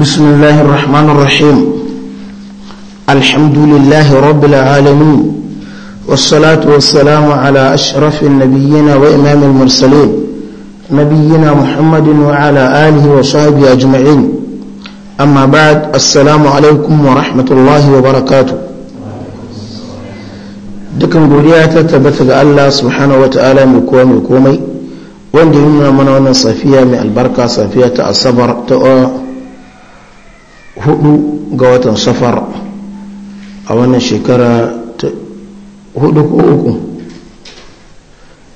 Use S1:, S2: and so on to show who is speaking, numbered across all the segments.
S1: بسم الله الرحمن الرحيم الحمد لله رب العالمين والصلاة والسلام على أشرف النبيين وإمام المرسلين نبينا محمد وعلى آله وصحبه أجمعين أما بعد السلام عليكم ورحمة الله وبركاته دكم godiya ta الله سبحانه وتعالى subhanahu مكومي وانجلنا من kowa mai komai wanda yi mana wannan hudu ga watan safar a wannan shekara ta hudu ko uku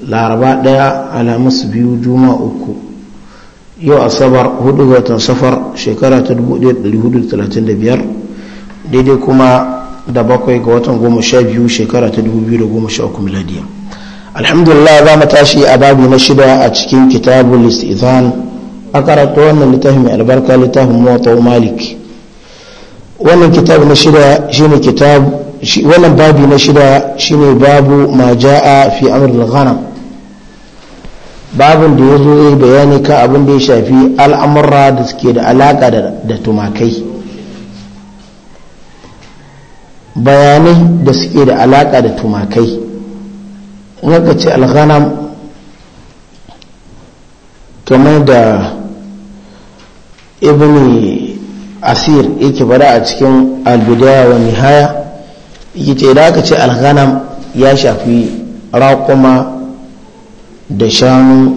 S1: laraba daya alamus biyu juma uku yau asabar hudu ga watan safar shekara ta 1435 daidai kuma da bakwai ga watan goma sha biyu shekara ta 2013 miladiya alhamdulillah za mu tashi a babu na shida a cikin kitabul istizan a karanta wannan littafin albarka littafin muwatta malik wannan kitab na shida shine kitab wannan babi na shida shine babu ma jaa fi amr al-ghanam babin da yazo yi bayani ka abin da ya shafi al'amura da suke da alaka da tumakai bayanai da suke da alaka da tumakai in aka ce al-ghanam kamar da ibni asir yake bada a cikin albidaya wa nihaya yake ce idan aka ce alghanam ya shafi raƙuma da shanu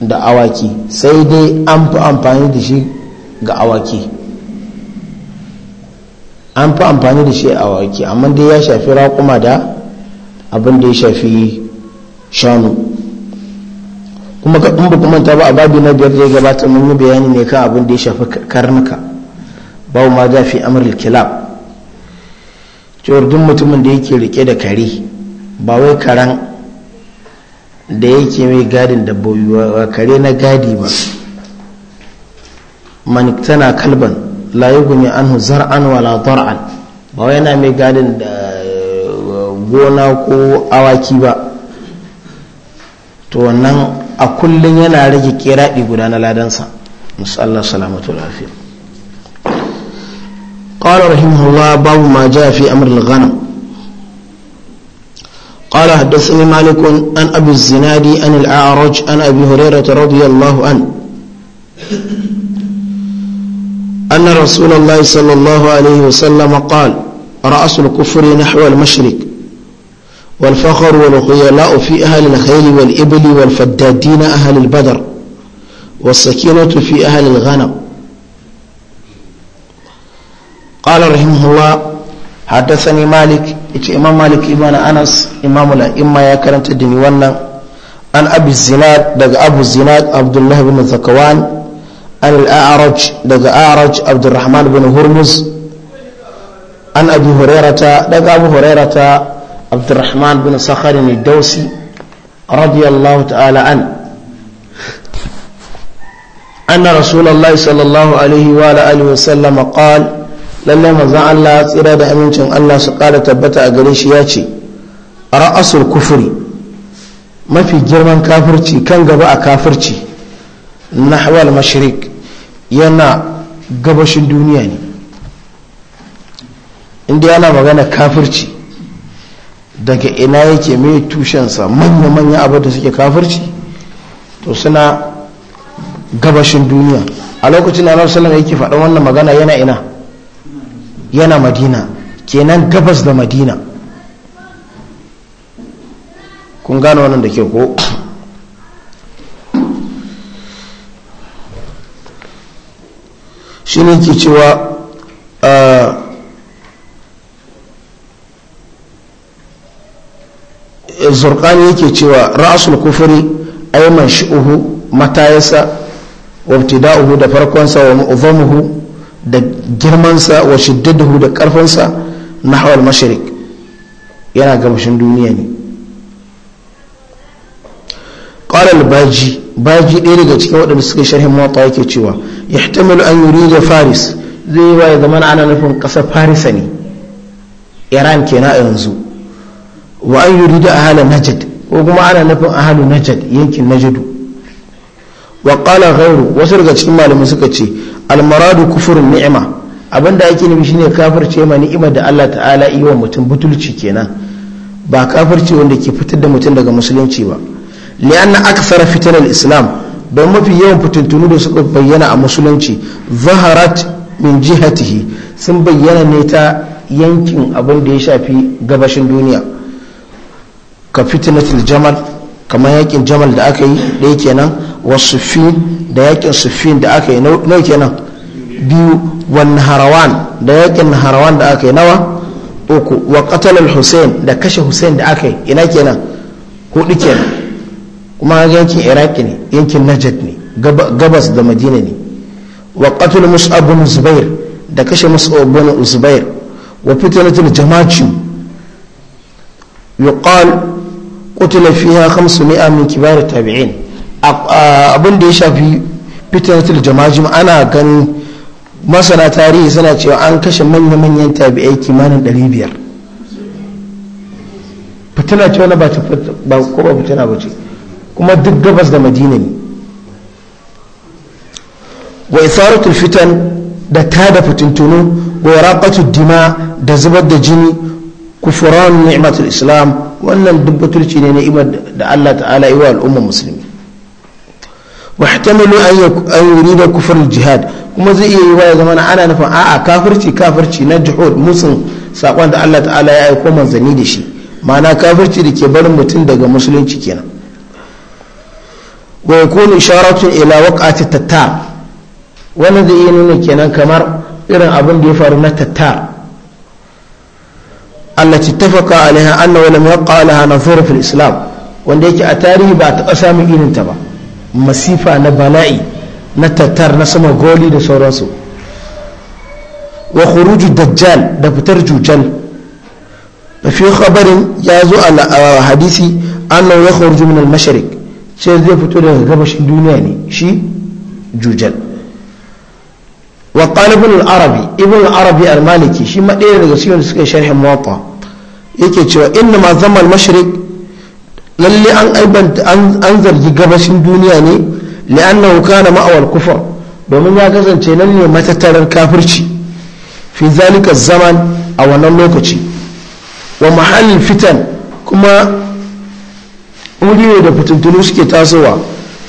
S1: da awaki sai dai an fi amfani da shi ga awaki an fi amfani da shi a awaki amma dai ya shafi raƙuma da abin da ya shafi shanu kuma ka ba kuma ta ba a babi na biyar da ya gabata mun yi bayani ne kan abin da ya shafi karnuka babu ma ja fi kilab cewar duk mutumin da yake rike da kare ba wai karan da yake mai gadin da ba kare na gadi ba man na kalban la yughni anhu zar'an wala dar'an ba wai yana mai gadin da eh, gona ko awaki ba to wannan a kullum yana rage kiraɗi guda na ladansa musallar salamatu lafiya قال رحمه الله باب ما جاء في أمر الغنم قال حدثني مالك عن أبي الزنادي عن الأعرج عن أبي هريرة رضي الله عنه أن رسول الله صلى الله عليه وسلم قال رأس الكفر نحو المشرك والفخر والخيلاء في أهل الخيل والإبل والفدادين أهل البدر والسكينة في أهل الغنم قال رحمه الله حدثني مالك إتي إمام مالك إبان أنس إمام الأئمة يا كرمت الدنيا عن أبي الزناد دق أبو الزناد عبد الله بن ذكوان عن الأعرج دق أعرج عبد الرحمن بن هرمز عن أبي هريرة دق أبو هريرة عبد الرحمن بن صخر الدوسي رضي الله تعالى عنه أن رسول الله صلى الله عليه وآله وسلم قال lallai manzon Allah tsira da amincin Allah su ƙara tabbata a gare shi ya ce ra'asul kufuri mafi girman kafirci kan gaba a kafirci nahwal mashrik yana gabashin duniya ne inda yana magana kafirci daga ina yake mai tushensa manya-manya abu da suke kafirci to suna gabashin duniya a lokacin da yake faɗin wannan magana yana ina yana madina kenan gabas da madina kun gano wannan da ke ko shi ne ke cewa zurkani yake cewa rasul kufuri ayyaman shi'uhu matayasa wabtida'uhu da farkonsa wa mu'uzamuhu da girmansa wa shiddatuhu da sa na hawal mashirik yana gabashin duniya ne ƙwarar baji baji ɗaya daga cikin waɗanda suka sharhin mawata yake cewa ya hitamilu an yuri da faris zai yi wa ya zama ana nufin ƙasa farisa ne iran kenan a yanzu wa an yuri da ahala najad ko kuma ana nufin ahalu najad yankin najadu wa ƙala wasu daga cikin malamin suka ce almaradu kufurin ni'ima abin da ake nufi shine kafirce ma ni'ima da Allah ta'ala yi wa mutum butulci kenan ba kafirce wanda ke fitar da mutum daga musulunci ba li'anna akthara fitan islam don mafi yawan fitintunu da suka bayyana a musulunci zaharat min jihatihi sun bayyana ne ta yankin abin da ya shafi gabashin duniya ka fitinatul jamal kamar yakin jamal da aka yi ɗaya kenan wasu da yakin sufin da aka yi nau kenan biyu wani harawan da yakin harawan da aka yi nawa uku wa qatalar hussein da kashe hussein da aka yi ina kenan hudu kenan kuma yankin iraki ne yankin najat ne gabas da madina ne wa qatul mus'ab zubair da kashe mus'ab bin zubair wa fitnatul jama'i yuqal qutila fiha 500 min kibar tabi'in abin da ya shafi fitnatul jama'ajim ana ganin masana tarihi suna cewa an kashe manya-manyan tabi'ai kimanin 500 fitina ce wani ba ta ko ba fitina ba ce kuma duk gabas da madina ne wa isaratul fitan da ta da fitintunu wa raqatu dima da zubar da jini kufuran ni'matul islam wannan dubbatul ne na da Allah ta'ala yi wa al'ummar musulmi wahtamilu an yurida kufar jihad kuma zai iya yi wa ya zamana ana nufin a'a kafirci kafirci na jihud musun sakon da Allah ta'ala ya aiko manzanni da shi ma'ana kafirci da ke barin mutum daga musulunci kenan wa yakunu isharatun ila waqati tattar wannan zai iya nuna kenan kamar irin abin da ya faru na tattar التي اتفق عليها أنه لم يقع لها نظير في الإسلام wanda yake a tarihi ba a taɓa samun ba masifa na bala'i na tattar na sama goli da sauransu wa khuruju dajjal da fitar da fi khabarin ya zo a hadisi annahu ya khuruju min al-mashriq sai zai fito daga gabashin duniya ne shi jujal wa qala al-arabi ibn al-arabi al-maliki shi ma ɗaya daga cikin da suka sharhin muwatta yake cewa inna ma zama al lalle an aibanta an zargi gabashin duniya ne li'annahu kana ma'awal kufar domin ya kasance nan ne matattarar kafirci fi zalika zaman a wannan lokaci wa mahallin fitan kuma wuri da fitintunu suke tasowa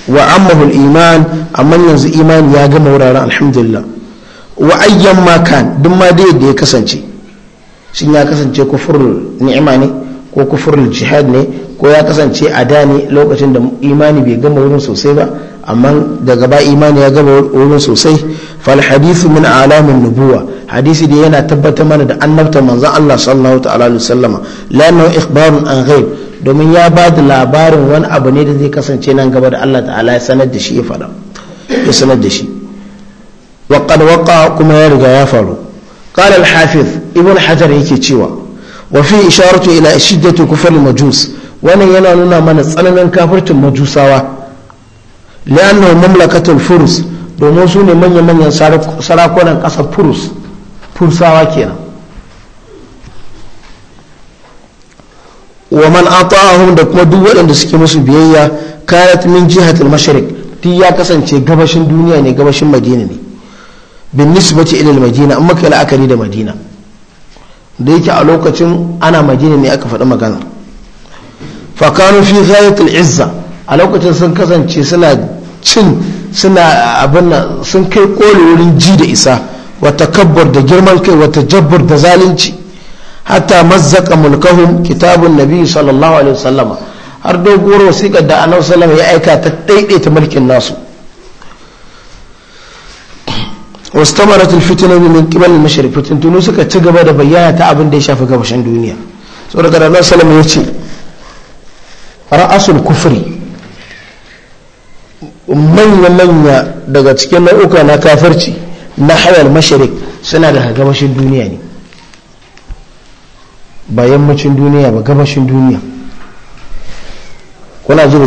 S1: wa ammahul iman amma yanzu imani ya gama wuraren alhamdulillah wa ayyan makan duk ma dai da ya kasance shin ya kasance kufur ni'ima ne ko kufur jihad ne ko ya kasance a da ne lokacin da imani bai gama wurin sosai ba amma daga ba imani ya gama wurin sosai fal hadithu min alamin nubuwa hadisi da yana tabbatar mana da annabta manzon Allah sallallahu ta'ala alaihi wasallama la'annahu ikhbarun an ghaib domin ya ba da labarin wani abu ne da zai kasance nan gaba da Allah ta'ala ya sanar da shi ya fada ya sanar da shi wa qad waqa kuma ya riga ya faru qala al hafiz ibn hajar yake cewa wa fi isharatu ila shiddati kufar majus wannan yana nuna mana tsananin kafircin majusawa li'annahu mamlakatul furus domin su ne manya-manyan sarakunan ƙasar furus fursawa kenan wa man ata'ahum da kuma duk waɗanda suke musu biyayya kayat min jihatul mashriq ti ya kasance gabashin duniya ne gabashin madina ne bin nisbati ila madina amma kai la'akari da madina da yake a lokacin ana madina ne aka faɗi magana fakanu fi ghayatul izza a lokacin sun kasance suna cin suna abin sun kai koli wurin ji da isa wata kabbar da girman kai wata jabbar da zalunci hatta mazzaka mulkahum kitabun nabi sallallahu alaihi wasallama har doguwar wasiƙar da annabi sallallahu ya aika ta daidaita mulkin nasu واستمرت الفتنة من قبل المشرق فتنتنو suka ci gaba da bayyana ta abin da ya shafi gabashin duniya saboda kada Allah ya ce ra'asul kufri manya-manya daga cikin nau'uka na kafirci na hayar mashirik suna da gabashin duniya ne ba yammacin duniya ba gabashin duniya kuna zo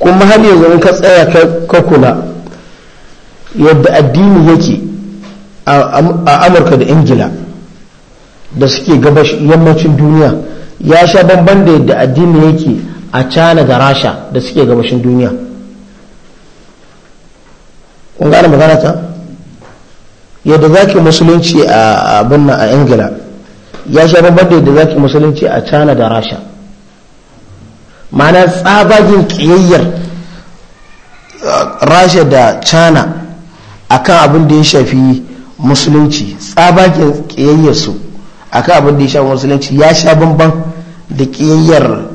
S1: kuma har yanzu in ka tsaya ka kula yadda addini yake a amurka da ingila da suke yammacin duniya ya sha bamban da yadda addini yake a cana da rasha da suke gabashin duniya kun gane magana ta yadda zaki musulunci a abin a ingila ya sha babbar da yadda zaki musulunci a cana da rasha ma'ana tsabagin kiyayyar rasha da cana kan abin da ya shafi musulunci tsabagin a kan abin da ya shafi musulunci ya sha bamban da ƙiyayyar.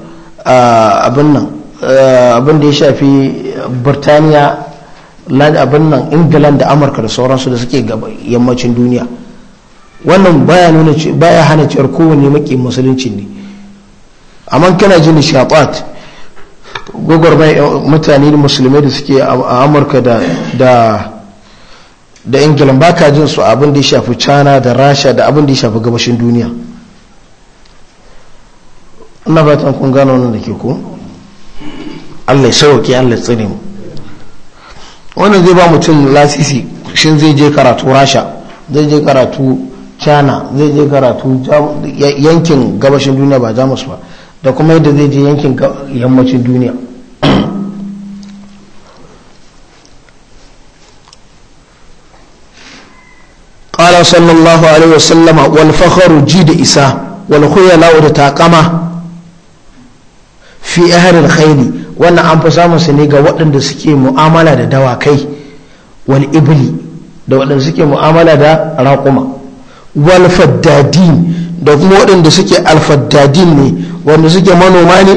S1: Ah, abin nan ah, abin da ya shafi birtaniya abin nan ingila da amurka da sauransu da suke yammacin duniya wannan baya hana cewar kowane maki musulunci ne amma kana jin shatat gogor mutane musulmai da suke a amurka da ingilan ingila ba ka jin su abin da ya shafi china da rasha da abin da ya shafi gabashin duniya ba fatan kun gano wannan da ke ku Allah ya sauke Allah ya tsare mu wannan zai ba mutum lasisi shin zai je karatu rasha zai je karatu china zai je karatu yankin gabashin duniya ba jamus ba da kuma yadda zai je yankin yammacin duniya قال صلى الله عليه وسلم والفخر جيد إساء والخيلاء da takama. fi ahlil khairi wannan an fi samun su ne ga waɗanda suke mu'amala da dawakai wal ibli da waɗanda suke mu'amala da raƙuma wal faddadin da kuma waɗanda suke alfaddadin ne wanda suke manoma ne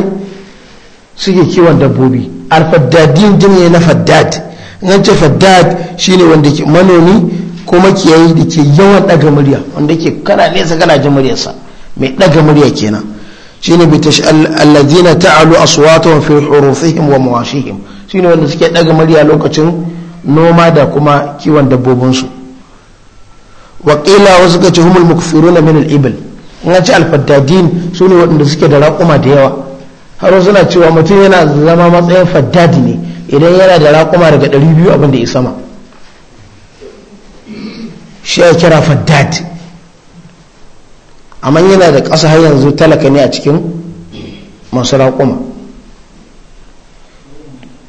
S1: suke kiwon dabbobi alfaddadin din ne na faddad nan ce faddad shine wanda ke manomi kuma da ke yawan ɗaga murya wanda ke kana nesa kana jin muryarsa mai ɗaga murya kenan shine bi ta allazina ta'alu aswatuhum fi hurufihim wa mawashihim shine wanda suke daga murya lokacin noma da kuma kiwon dabbobin su wa qila wa suka ce humul mukfiruna min al-ibil in ci al-faddadin sune waɗanda suke da raƙuma da yawa har suna cewa mutum yana zama matsayin faddadi ne idan yana da raƙuma daga 200 abin da ya sama shi ya kira faddad amma yana da ƙasa har yanzu talaka ne a cikin masu raƙuma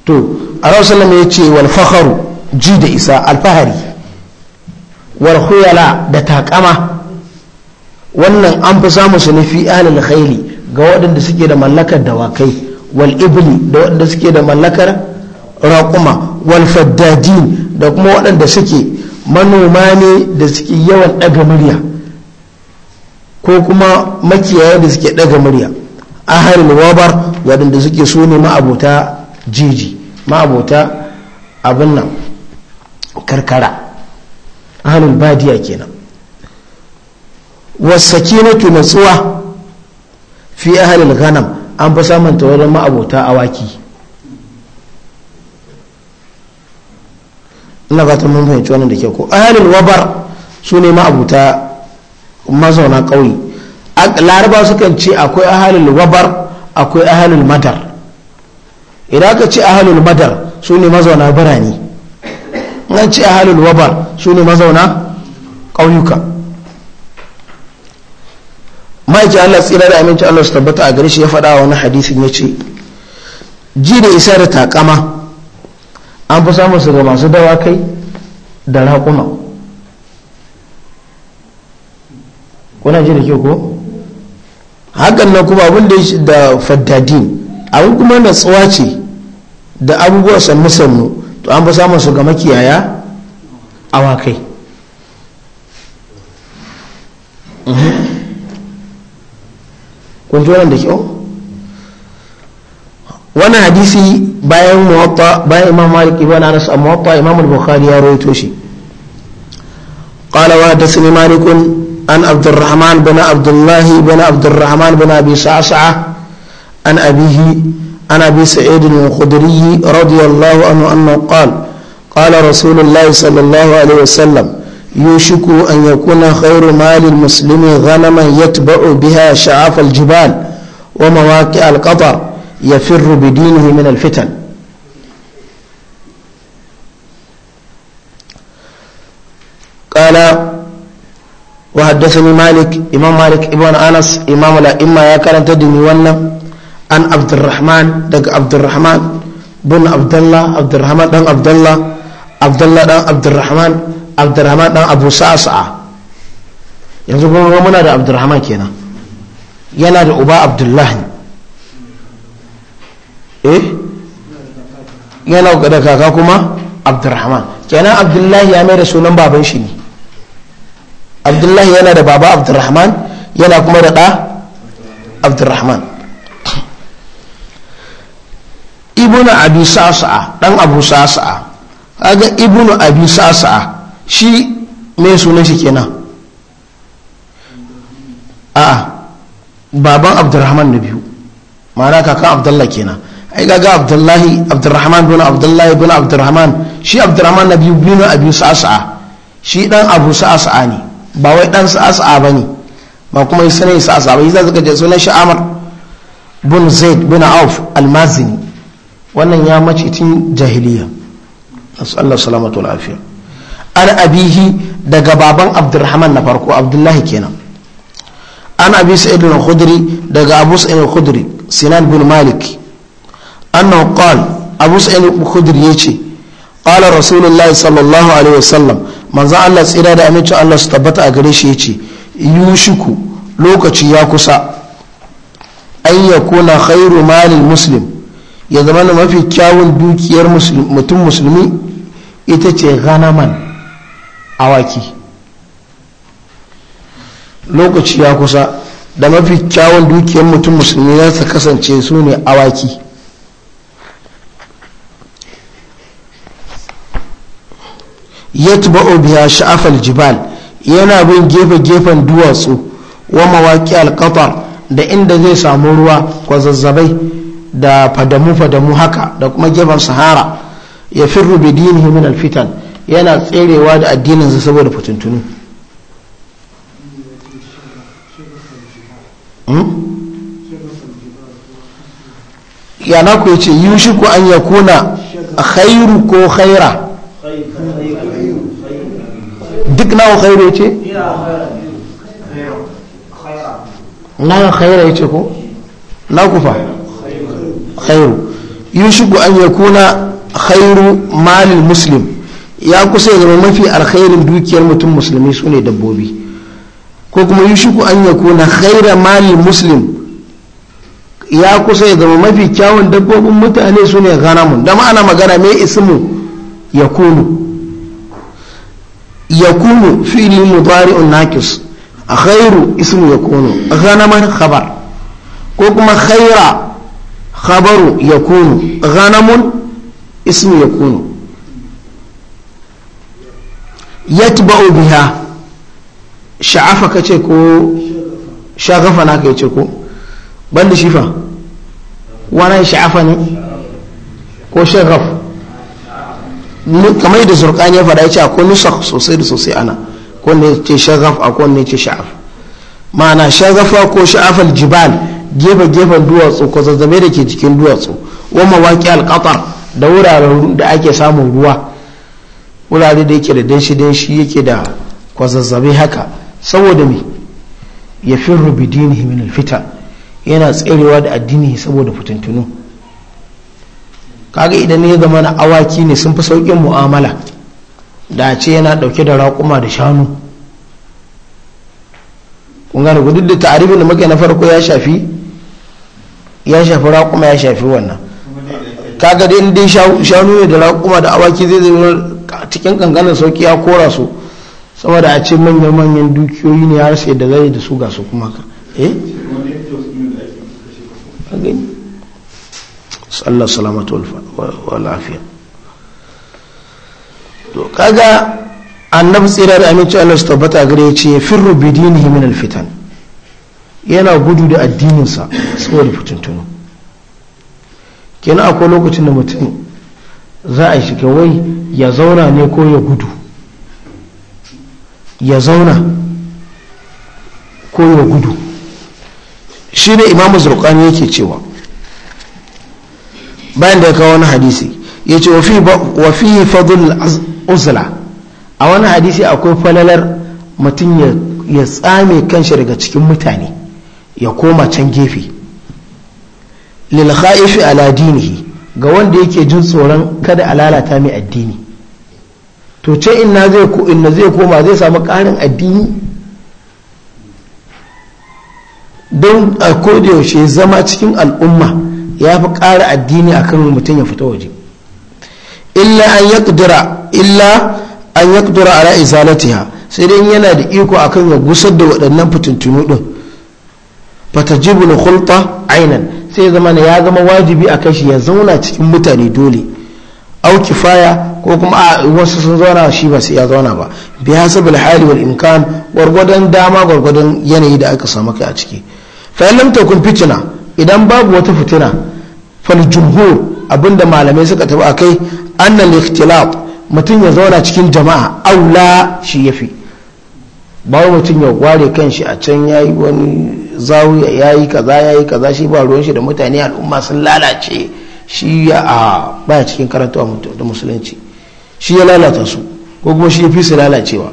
S1: to a rasulam ya ce wal ji da isa alfahari wal da takama wannan an fi samun su nufi fi khaili ga waɗanda suke da mallakar dawakai wal ibli da waɗanda suke da mallakar raƙuma wal da kuma waɗanda suke manoma ne da suke yawan ɗaga murya ko kuma makiyaya da suke daga murya a harin wabar waɗanda suke so ne ma'abota jiji ma'abota abin nan karkara ahalul badiya kenan wasakinatu natsuwa fi ahalil ghanam an fi samun tawarin ma'abota awaki ina ta mun fahimci wannan da ke ko ahalil wabar su ne ma'abuta mazauna ƙauye laraba sukan ce akwai ahalul wabar akwai ahalul madar idan ka ce ahalul madar su ne mazauna birane nan ce ahalul wabar su ne mazauna ƙauyuka ma'aikin allah tsira da aminci allah su tabbata a gari shi ya faɗa wani hadisin ya ce ji da isa da takama an fi samun su ga masu dawakai da raƙuma kuna ji da ke ko hakan nan kuma abin da da faddadin abin kuma na tsawa ce da abubuwa sannu sannu to an fi samun su ga makiyaya awakai mhm. kun ji da kyau wani hadisi bayan muwatta bayan imam malik ibn anas a muwatta imam al-bukhari ya rawaito shi قال وحدثني مالك عن عبد الرحمن بن عبد الله بن عبد الرحمن بن أبي شعشعة عن أبيه عن أبي سعيد الخدري رضي الله عنه أنه قال قال رسول الله صلى الله عليه وسلم يوشك أن يكون خير مال المسلم غنما يتبع بها شعاف الجبال ومواقع القطر يفر بدينه من الفتن قال wa haddasani malik imam malik ibn anas imam la imma ya karanta dini wannan an abdurrahman daga abdurrahman bin abdullah abdurrahman dan abdullah abdullah dan abdurrahman abdurrahman dan abu yanzu kuma mun muna da abdurrahman kenan yana da uba abdullah eh yana da kaka kuma kenan abdullah ya mai da sunan baban shi ne abdullahi yana da baba abdurrahman yana kuma da ɗa abdurrahman ibuna abi sa'sa'a ɗan abu sa'sa'a kaga ibuna abi sa'sa'a shi mai sunan shi kenan a'a baban abdurrahman na biyu ma'ana kakan abdullahi kenan ai gaga abdullahi abdurrahman bin abdullahi bin abdurrahman shi abdurrahman na biyu biyu na abu sa'sa'a shi ɗan abu sa'sa'a ne ba wai dan sa'asa ba ne ba kuma sunan sa'asa ba yasa suka je sunan sha'amar amr bin zaid bin auf almazini wannan ya mace tun jahiliya Allah salamatu wal afiya an abihi daga baban abdurrahman na farko abdullahi kenan an abi sa'id al-khudri daga abu sa'id al-khudri sinan bin malik annahu qala abu sa'id al-khudri yace qala rasulullahi sallallahu alaihi wasallam manzan Allah tsira da amincin Allah su tabbata a gare shi ya ce yushiku lokaci ya kusa an ya kuna khairu malin muslim ya zama na mafi kyawun dukiyar mutum musulmi ita ce ganaman awaki lokaci ya kusa da mafi kyawun dukiyar mutum musulmi za ta kasance su ne awaki yatba'u biya sha'afal jibal yana bin gefe-gefen duwatsu wa mawaki alkatar da inda zai samu ruwa kwazazzabai da fadamu-fadamu haka da kuma gefen sahara ya firru bi dinihi min alfitan yana tserewa da addinin addininsa saboda fitintunu hmm? yana ku ce yi ku an yakuna khairu ko khaira duk nawa khairu yace na khairu yace ko na kufa khairu yushiku an yakuna khairu malil muslim ya kusa ya zama mafi alkhairin dukiyar mutum musulmi su ne dabbobi ko kuma yushiku an yakuna khairu malil muslim ya kusa ya zama mafi kyawun dabbobin mutane su ne ganamun da ma'ana magana mai ismu ya kunu yakunu fi'li mudari naqis khairu ismu yakunu ghanama khabar ko kuma khaira habaru yakunu ghanamun ismu yakunu yatba'u biha sha'afa kace ko shagafa na kai ce ko banda shifa wannan sha'afa ne ko shagafa kamar yadda zurkani ya fada ya ce akwai nusar sosai da sosai ana kone ce shagaf a kone ce sha'af ma'ana shagafa ko sha'afal jibal gefe gefen duwatsu ko zazzabe da ke jikin duwatsu wa mawaki alƙatar da wuraren da ake samun ruwa wurare da yake da danshi danshi yake da kwazazzabe haka saboda me ya fi bidinihi min alfita yana tserewa da addini saboda fitintunu kaga idan ya zama na awaki ne sun fi sauƙin mu'amala da ce yana ɗauke da raƙuma da shanu ƙungar ku duk da ta'arifin da muke na farko ya shafi ya shafi raƙuma ya shafi wannan kaga da inda shanu ne da raƙuma da awaki zai zama cikin kankanin sauƙi ya kora su saboda a ce manya-manyan dukiyoyi ne har sai da zai da su ga su kuma ka eh Allah salamatu wal'afiya to kaga annabi tsira da aminci Allah su tabbata gare ce firru bidinihi min alfitan yana gudu da addininsa saboda fitintunu kenan akwai lokacin da mutum za a shiga wai ya zauna ne ko ya gudu ya zauna ko ya gudu shi ne imamu zurkani yake cewa bayan da ya kawo wani hadisi ya ce wa fi fadul uzla a wani hadisi akwai falalar mutum ya tsame kanshi daga cikin mutane ya koma can gefe lil khaifi ala dinihi ga wanda yake jin tsoron kada a lalata mai addini to ce inna zai inna zai koma zai samu karin addini don a yaushe zama cikin al'umma ya fi ƙara addini a kan mutum ya fita waje illa an ƙudura illa an yaqdira ala sai dai yana da iko akan ya gusar da waɗannan fitintunu jibu na hulɗa ainan sai zama na ya zama wajibi a kashi ya zauna cikin mutane dole auki faya ko kuma a wasu sun zauna shi ba sai ya zauna ba bi hasabul hali wal imkan gwargwadon dama gwargwadon yanayi da aka samu kai a ciki fa lam takun idan babu wata fitina faljumhur abinda malamai suka a kai annal ikhtilat mutum ya zauna cikin jama'a aula shi yafi ba mutum ya ware kanshi a can yi wani zawiya yi kaza yi kaza shi ba ruwan shi da mutane al'umma sun lalace shi ya a baya cikin karantawa da musulunci shi ya lalata su ko kuma shi ya fi su lalacewa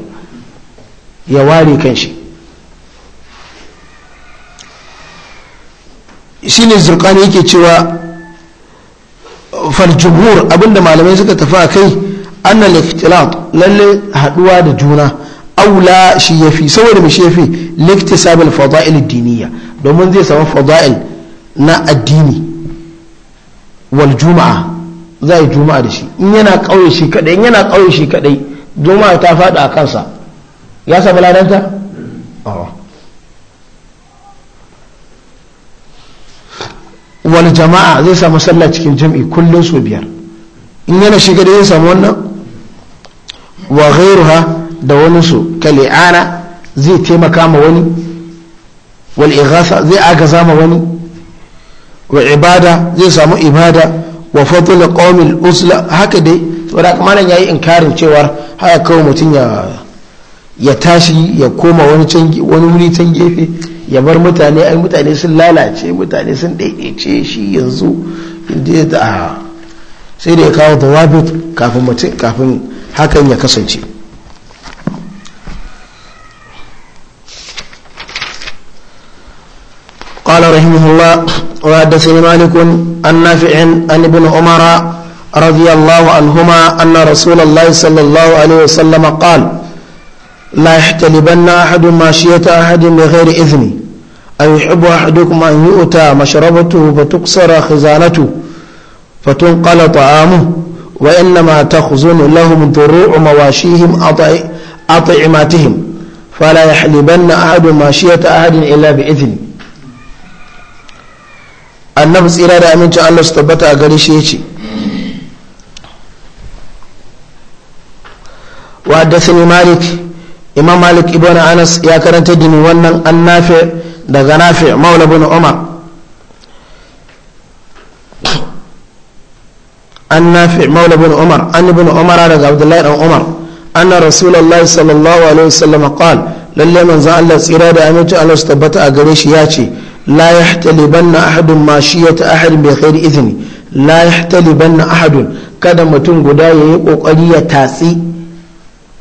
S1: ya ware kanshi shi ne zurkani yake cewa faljumhur abinda malamai suka tafi a kai annal ikhtilat lalle haduwa da juna aula shi yafi saboda mai shi yafi liktisab al fada'il diniya domin zai samu fada'il na addini wal juma'a zai juma'a da shi in yana kauye shi kaɗai juma'a ta fada a kansa ya samu ladanta wal jama'a zai samu sallah cikin jam'i kullum su biyar in yana shiga da zai samu wannan wa ghairuha da wani su kali'ana zai taimaka ma wani wal ighatha zai agaza ma wani wa ibada zai samu ibada wa fadl qawmil usla haka dai saboda kuma nan yayi inkarin cewar haka kawai mutum ya ya tashi ya koma wani wani wuri can gefe ya bar mutane ai mutane sun lalace mutane sun daidaice shi yanzu inda da sai da ya kawo dawabit kafin mutum kafin hakan ya kasance قال رحمه الله وحدثني مالك عن نافع عن ابن عمر رضي الله عنهما أن رسول الله صلى الله عليه وسلم قال لا يحتلبن أحد ماشية أحد بغير إذن أيحب أحدكم أن يؤتى مشربته فتكسر خزانته فتنقل طعامه وإنما تخزن لهم ضروع مواشيهم أطعماتهم فلا يحلبن أحد ماشية أحد إلا بإذن annabi tsira da amincin allah su tabbata a gari shi ce wa haddasa malik imam malik ibn anas ya karanta dini wannan an nafe daga nafe maula bin umar an nafe maula bin umar an ibn umar daga abdullahi dan umar anna rasulullahi sallallahu alaihi wasallam qal lalle za Allah tsira da aminci Allah su tabbata a gare shi ya ce la yahtalibanna ahadun mashiyata ahadin bi khairi idni la yahtalibanna ahadun kada mutum guda yayi kokari ya tatsi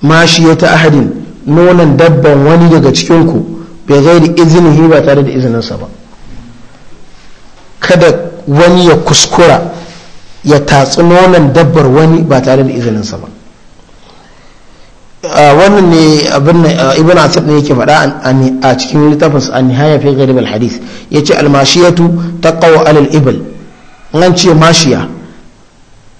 S1: mashiyata ahadin nonon dabban wani daga cikinku bai zai da izinihi ba tare da izininsa ba kada wani ya kuskura ya tatsi nonon dabbar wani ba tare da izininsa ba wannan ne abin ibn asir ne yake faɗa a cikin littafin an nihaya fi gharib al hadith yace al mashiyatu an ce mashiya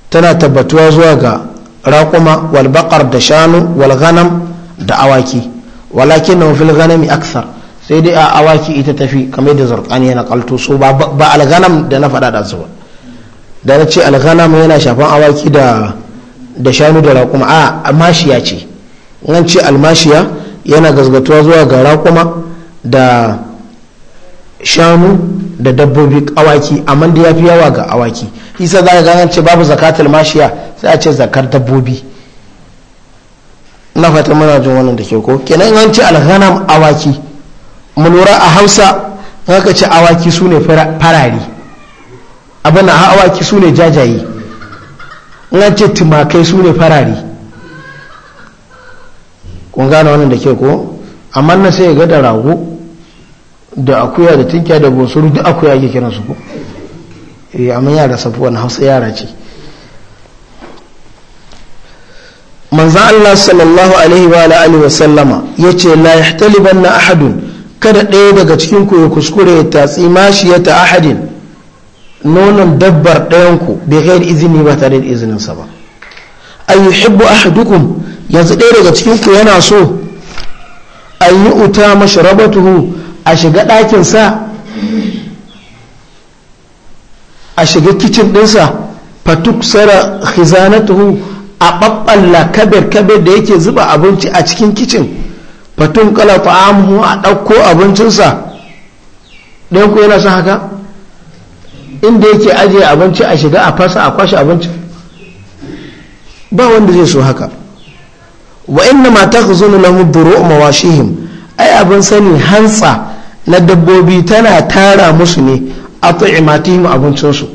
S1: tana tabbatuwa zuwa ga raƙuma wal da shanu Walganam. da awaki walakin na fil ganami aksar sai dai a awaki ita tafi kamar da zarkani yana kalto so ba da na faɗa da zuwa da na ce alganam yana shafan awaki da da shanu da raƙuma a mashiya ce nan ce almashiya yana gazgatuwa zuwa ga raƙuma da shanu da dabbobi awaki amma da ya fi yawa ga awaki isa za ga ce babu zakatul mashiya sai a ce zakar dabbobi na fata muna jin wannan da ke ko kenan an ce alghanam awaki mu lura a hausa haka ce awaki su ne farari abin na awaki su ne jajaye an ce tumakai su ne farari kun gane wannan da ke ko amma na sai ga da rago da akuya da tinkiya da bosoro duk akuya ake kiransu ko eh amma yara safuwan hausa yara ce manzan Allah sallallahu alaihi wa alihi wa sallama yace la yahtalibanna ahadun kada ɗaya daga cikin ku ya kuskure ya tatsi mashi ya ta ahadin nonon dabbar ɗayan ku bi ghairi izini ba tare da izinin sa ba ay yuhibbu ahadukum yanzu ɗaya daga cikin ku yana so a yi uta mashrabatuhu a shiga ɗakin sa a shiga kicin ɗinsa fatuk sara khizanatuhu a ɓaɓɓalla kabir kabir da yake zuba abinci a cikin kicin fatun kala ta'amuhu a ɗauko abincinsa ɗan ku yana son haka inda yake ajiye abinci a shiga a fasa a kwashe abinci ba wanda zai so haka wa inna ma ta zunu lahu duru mawashihim ai abin sani hantsa na dabbobi tana tara musu ne a ta'imatihim abincinsu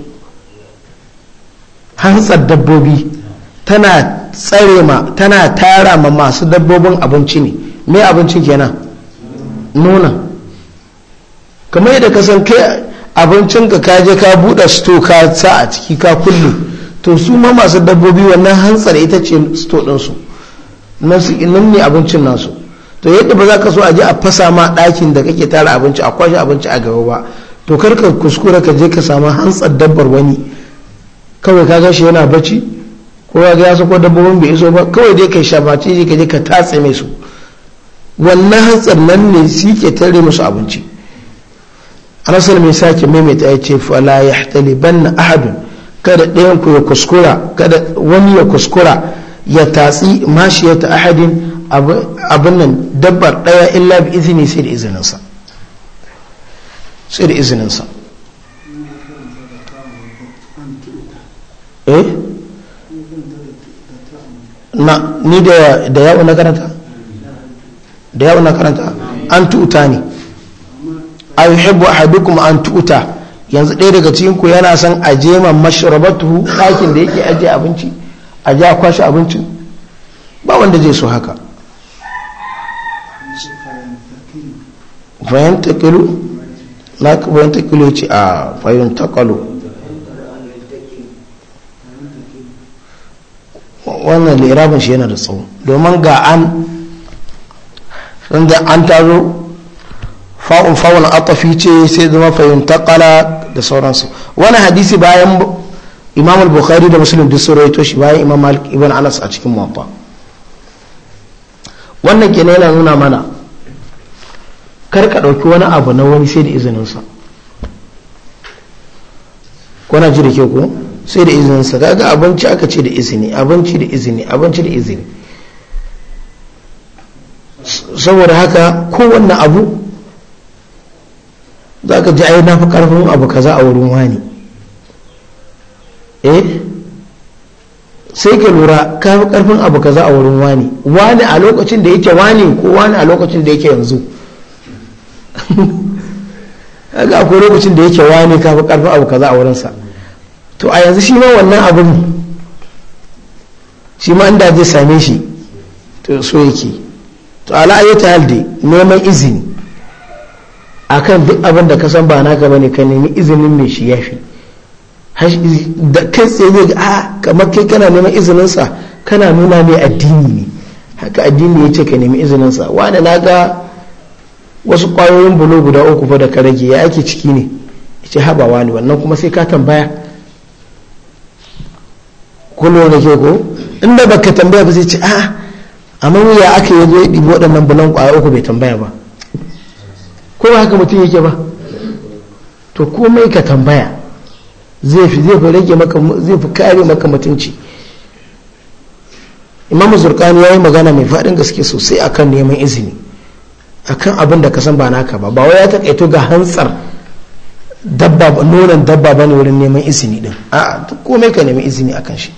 S1: hantsar dabbobi tana tsare ma tana tara ma masu dabbobin abinci ne mai abincin kenan nuna kamar yadda ka san kai abincin ka kaje ka buɗe sto ka sa a ciki ka kulle to su ma masu dabbobi wannan hantsar ita ce sto ɗinsu nan ne abincin nasu to yadda ba za ka so a je a fasa ma ɗakin da kake tara abinci a kwashe abinci a gaba ba to karka kuskura ka je ka samu hantsar dabbar wani kawai ka gashi yana bacci kowa ga ya ko dabbobin bai iso ba kawai dai kai shabaci ka je ka tatse mai su wannan hantsar nan ne su ke tare musu abinci rasul mai sake maimaita ya ce fala ya taliban na kada ɗayan ku ya kuskura kada wani ya kuskura ya tatsi mashiyata ahadin abin nan dabbar ɗaya illa bi izini sai da izininsa sai da izininsa eh na ni da yawo na karanta da yawo na karanta an tuta ne a haibu kuma an tuta yanzu ɗaya daga cikin ku yana son a je ma mashrabatu ɗakin da yake ajiye abinci a a kwashe abinci ba wanda zai so haka fahimta kilo na fahimta kilo ce a fahimta kalo wannan lirabin shi yana da tsawo domin ga an da an taro fa'un fa'un atafi ce sai zama fahimta kala da sauransu wani hadisi bayan imam al-bukhari da musulun duk sun rawaito shi bayan imam ibn anas a cikin muwatta wannan ke yana nuna mana kar ka ɗauki wani abu na wani sai da izininsa kuna ji da ke ko sai da izininsa kaga abinci aka ce da izini abinci da izini abinci da izini saboda haka kowanne abu za ka ji a yi fi karfin abu kaza a wurin wani eh sai ka lura ka fi karfin abu kaza a wurin wani wani a lokacin da yake wani ko wani a lokacin da yake yanzu kaga akwai lokacin da yake wani ka fi karfin abu kaza a wurinsa to a yanzu shi ma wannan abin shi ma inda zai same shi to so yake to ala ayyata halde neman izini akan duk abin da ka san ba naka bane ka nemi izinin mai shi yafi da kai tsaye zai ga a kamar kai kana neman izininsa kana nuna mai addini ne haka addini ya ce ka nemi izininsa wani na ga wasu ƙwayoyin bulo guda uku fa da ka rage ya ake ciki ne ce habawa ne wannan kuma sai ka tambaya kullum wani ke ko inda baka tambaya ba zai ce a amma ya aka yi zai ɗibi waɗannan bulan ƙwaya uku bai tambaya ba ko ba haka mutum yake ba to komai ka tambaya zai fi zai rage maka zai fi kare maka mutunci imam zurkani ya yi magana mai faɗin gaske sosai akan neman izini akan abin da ka san ba naka ba ba wai ya taƙaito ga hantsar dabba nonon dabba ba ne wurin neman izini din a'a komai ka neman izini akan shi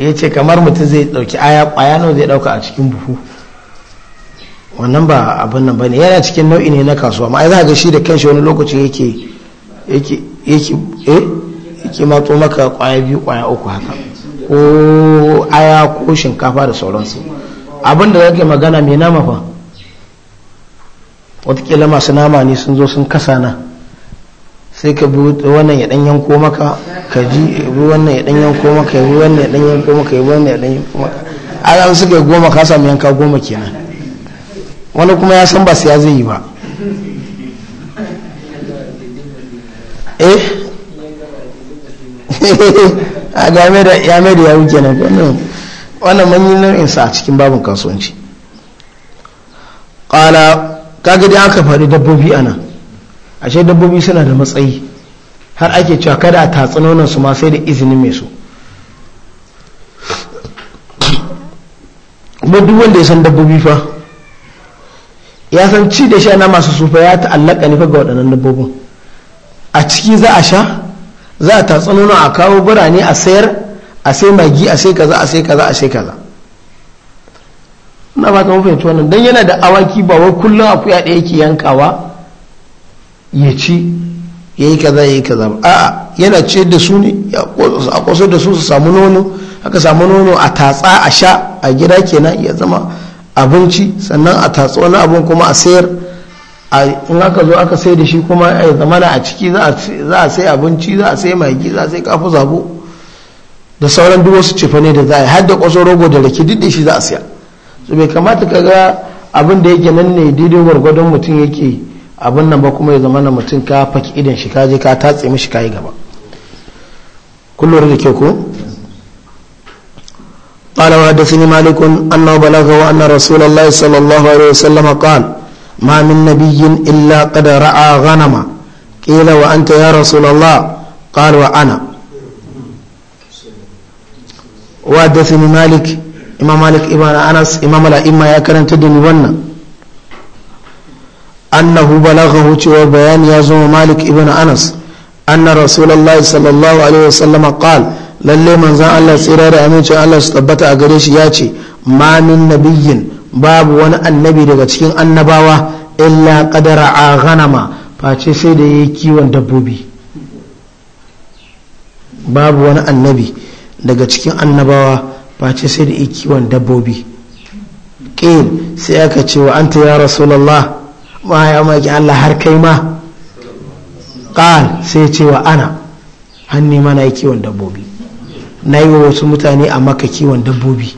S1: ya ce kamar mutum zai dauki aya kwaya nawa zai dauka a cikin buhu wannan ba abin nan ba ne yana cikin nau'i ne na kasuwa ma za a gashi da kanshi wani lokacin yake yake yake eh, maka kwaya biyu kwaya uku haka ko aya ko shinkafa da sauransu abin da zai magana mai nama fa watakila masu nama ne sun zo sun kasa na sai ka bi wannan ya danyen yanko maka ka ji bi wannan ya danyen yanko maka bi wannan ya danyen yanko maka bi wannan ya danyen yanko maka an yi goma ka samu yanka goma kenan wani kuma ya san ba sai ya zai yi ba eh a game da ya mai da ya kenan nan wannan manyan nau'insa a cikin babin kasuwanci qala kaga dai aka faɗi dabbobi ana ashe dabbobi suna da matsayi har ake cewa kada a tatsi nonon su ma sai da izinin mai su kuma duk wanda ya san dabbobi fa ya san ci da sha na masu sufa ya ta'allaka ne fa ga waɗannan dabbobin a ciki za a sha za a tatsi nonon a kawo birane a sayar a sai magi a sai kaza a sai kaza a sai kaza na ba ta fahimci wannan don yana da awaki ba wai kullum akuya ɗaya yake yankawa ya ci ya yi kaza ya yi kaza ba a'a yana ce da su ne a kwaso da su su samu nono aka samu nono a tatsa a sha a gida kenan ya zama abinci sannan a tatsa wani abin kuma a sayar in aka zo aka sai da shi kuma ya zamana a ciki za a sai abinci za a sai magi za a sai kafu zabo da sauran duk wasu cefane da za a yi har da kwaso rogo da rake duk da shi za a siya su bai kamata ka ga abin da yake nan ne daidai gwargwadon mutum yake abin nan ba kuma ya zama na mutum ka faki idan shi ka je ka tatse mishi kayi gaba kullum da ke ko قال وحدثني مالك أنه بلغه أن رسول الله صلى الله عليه وسلم قال ما من نبي إلا قد رعى غنما قيل وأنت يا رسول الله قال وأنا وحدثني مالك imam malik ibn anas imam al'imma ya karanta da ni wannan annahu balaghahu cewa bayani ya zo malik ibn anas anna rasulullahi sallallahu alaihi wasallam qal lalle manzon Allah tsira da aminci Allah su tabbata a gare shi ya ce ma min nabiyyin babu wani annabi daga cikin annabawa illa qadara a ghanama face sai da yayi kiwon dabbobi babu wani annabi daga cikin annabawa face sai da kiwon dabbobi ƙil sai aka ce wa ta ya rasulallah ma ya maki Allah har kai ma ƙal sai ce wa ana hannu mana na yi kiwon dabbobi na yi wa wasu mutane a maka kiwon dabbobi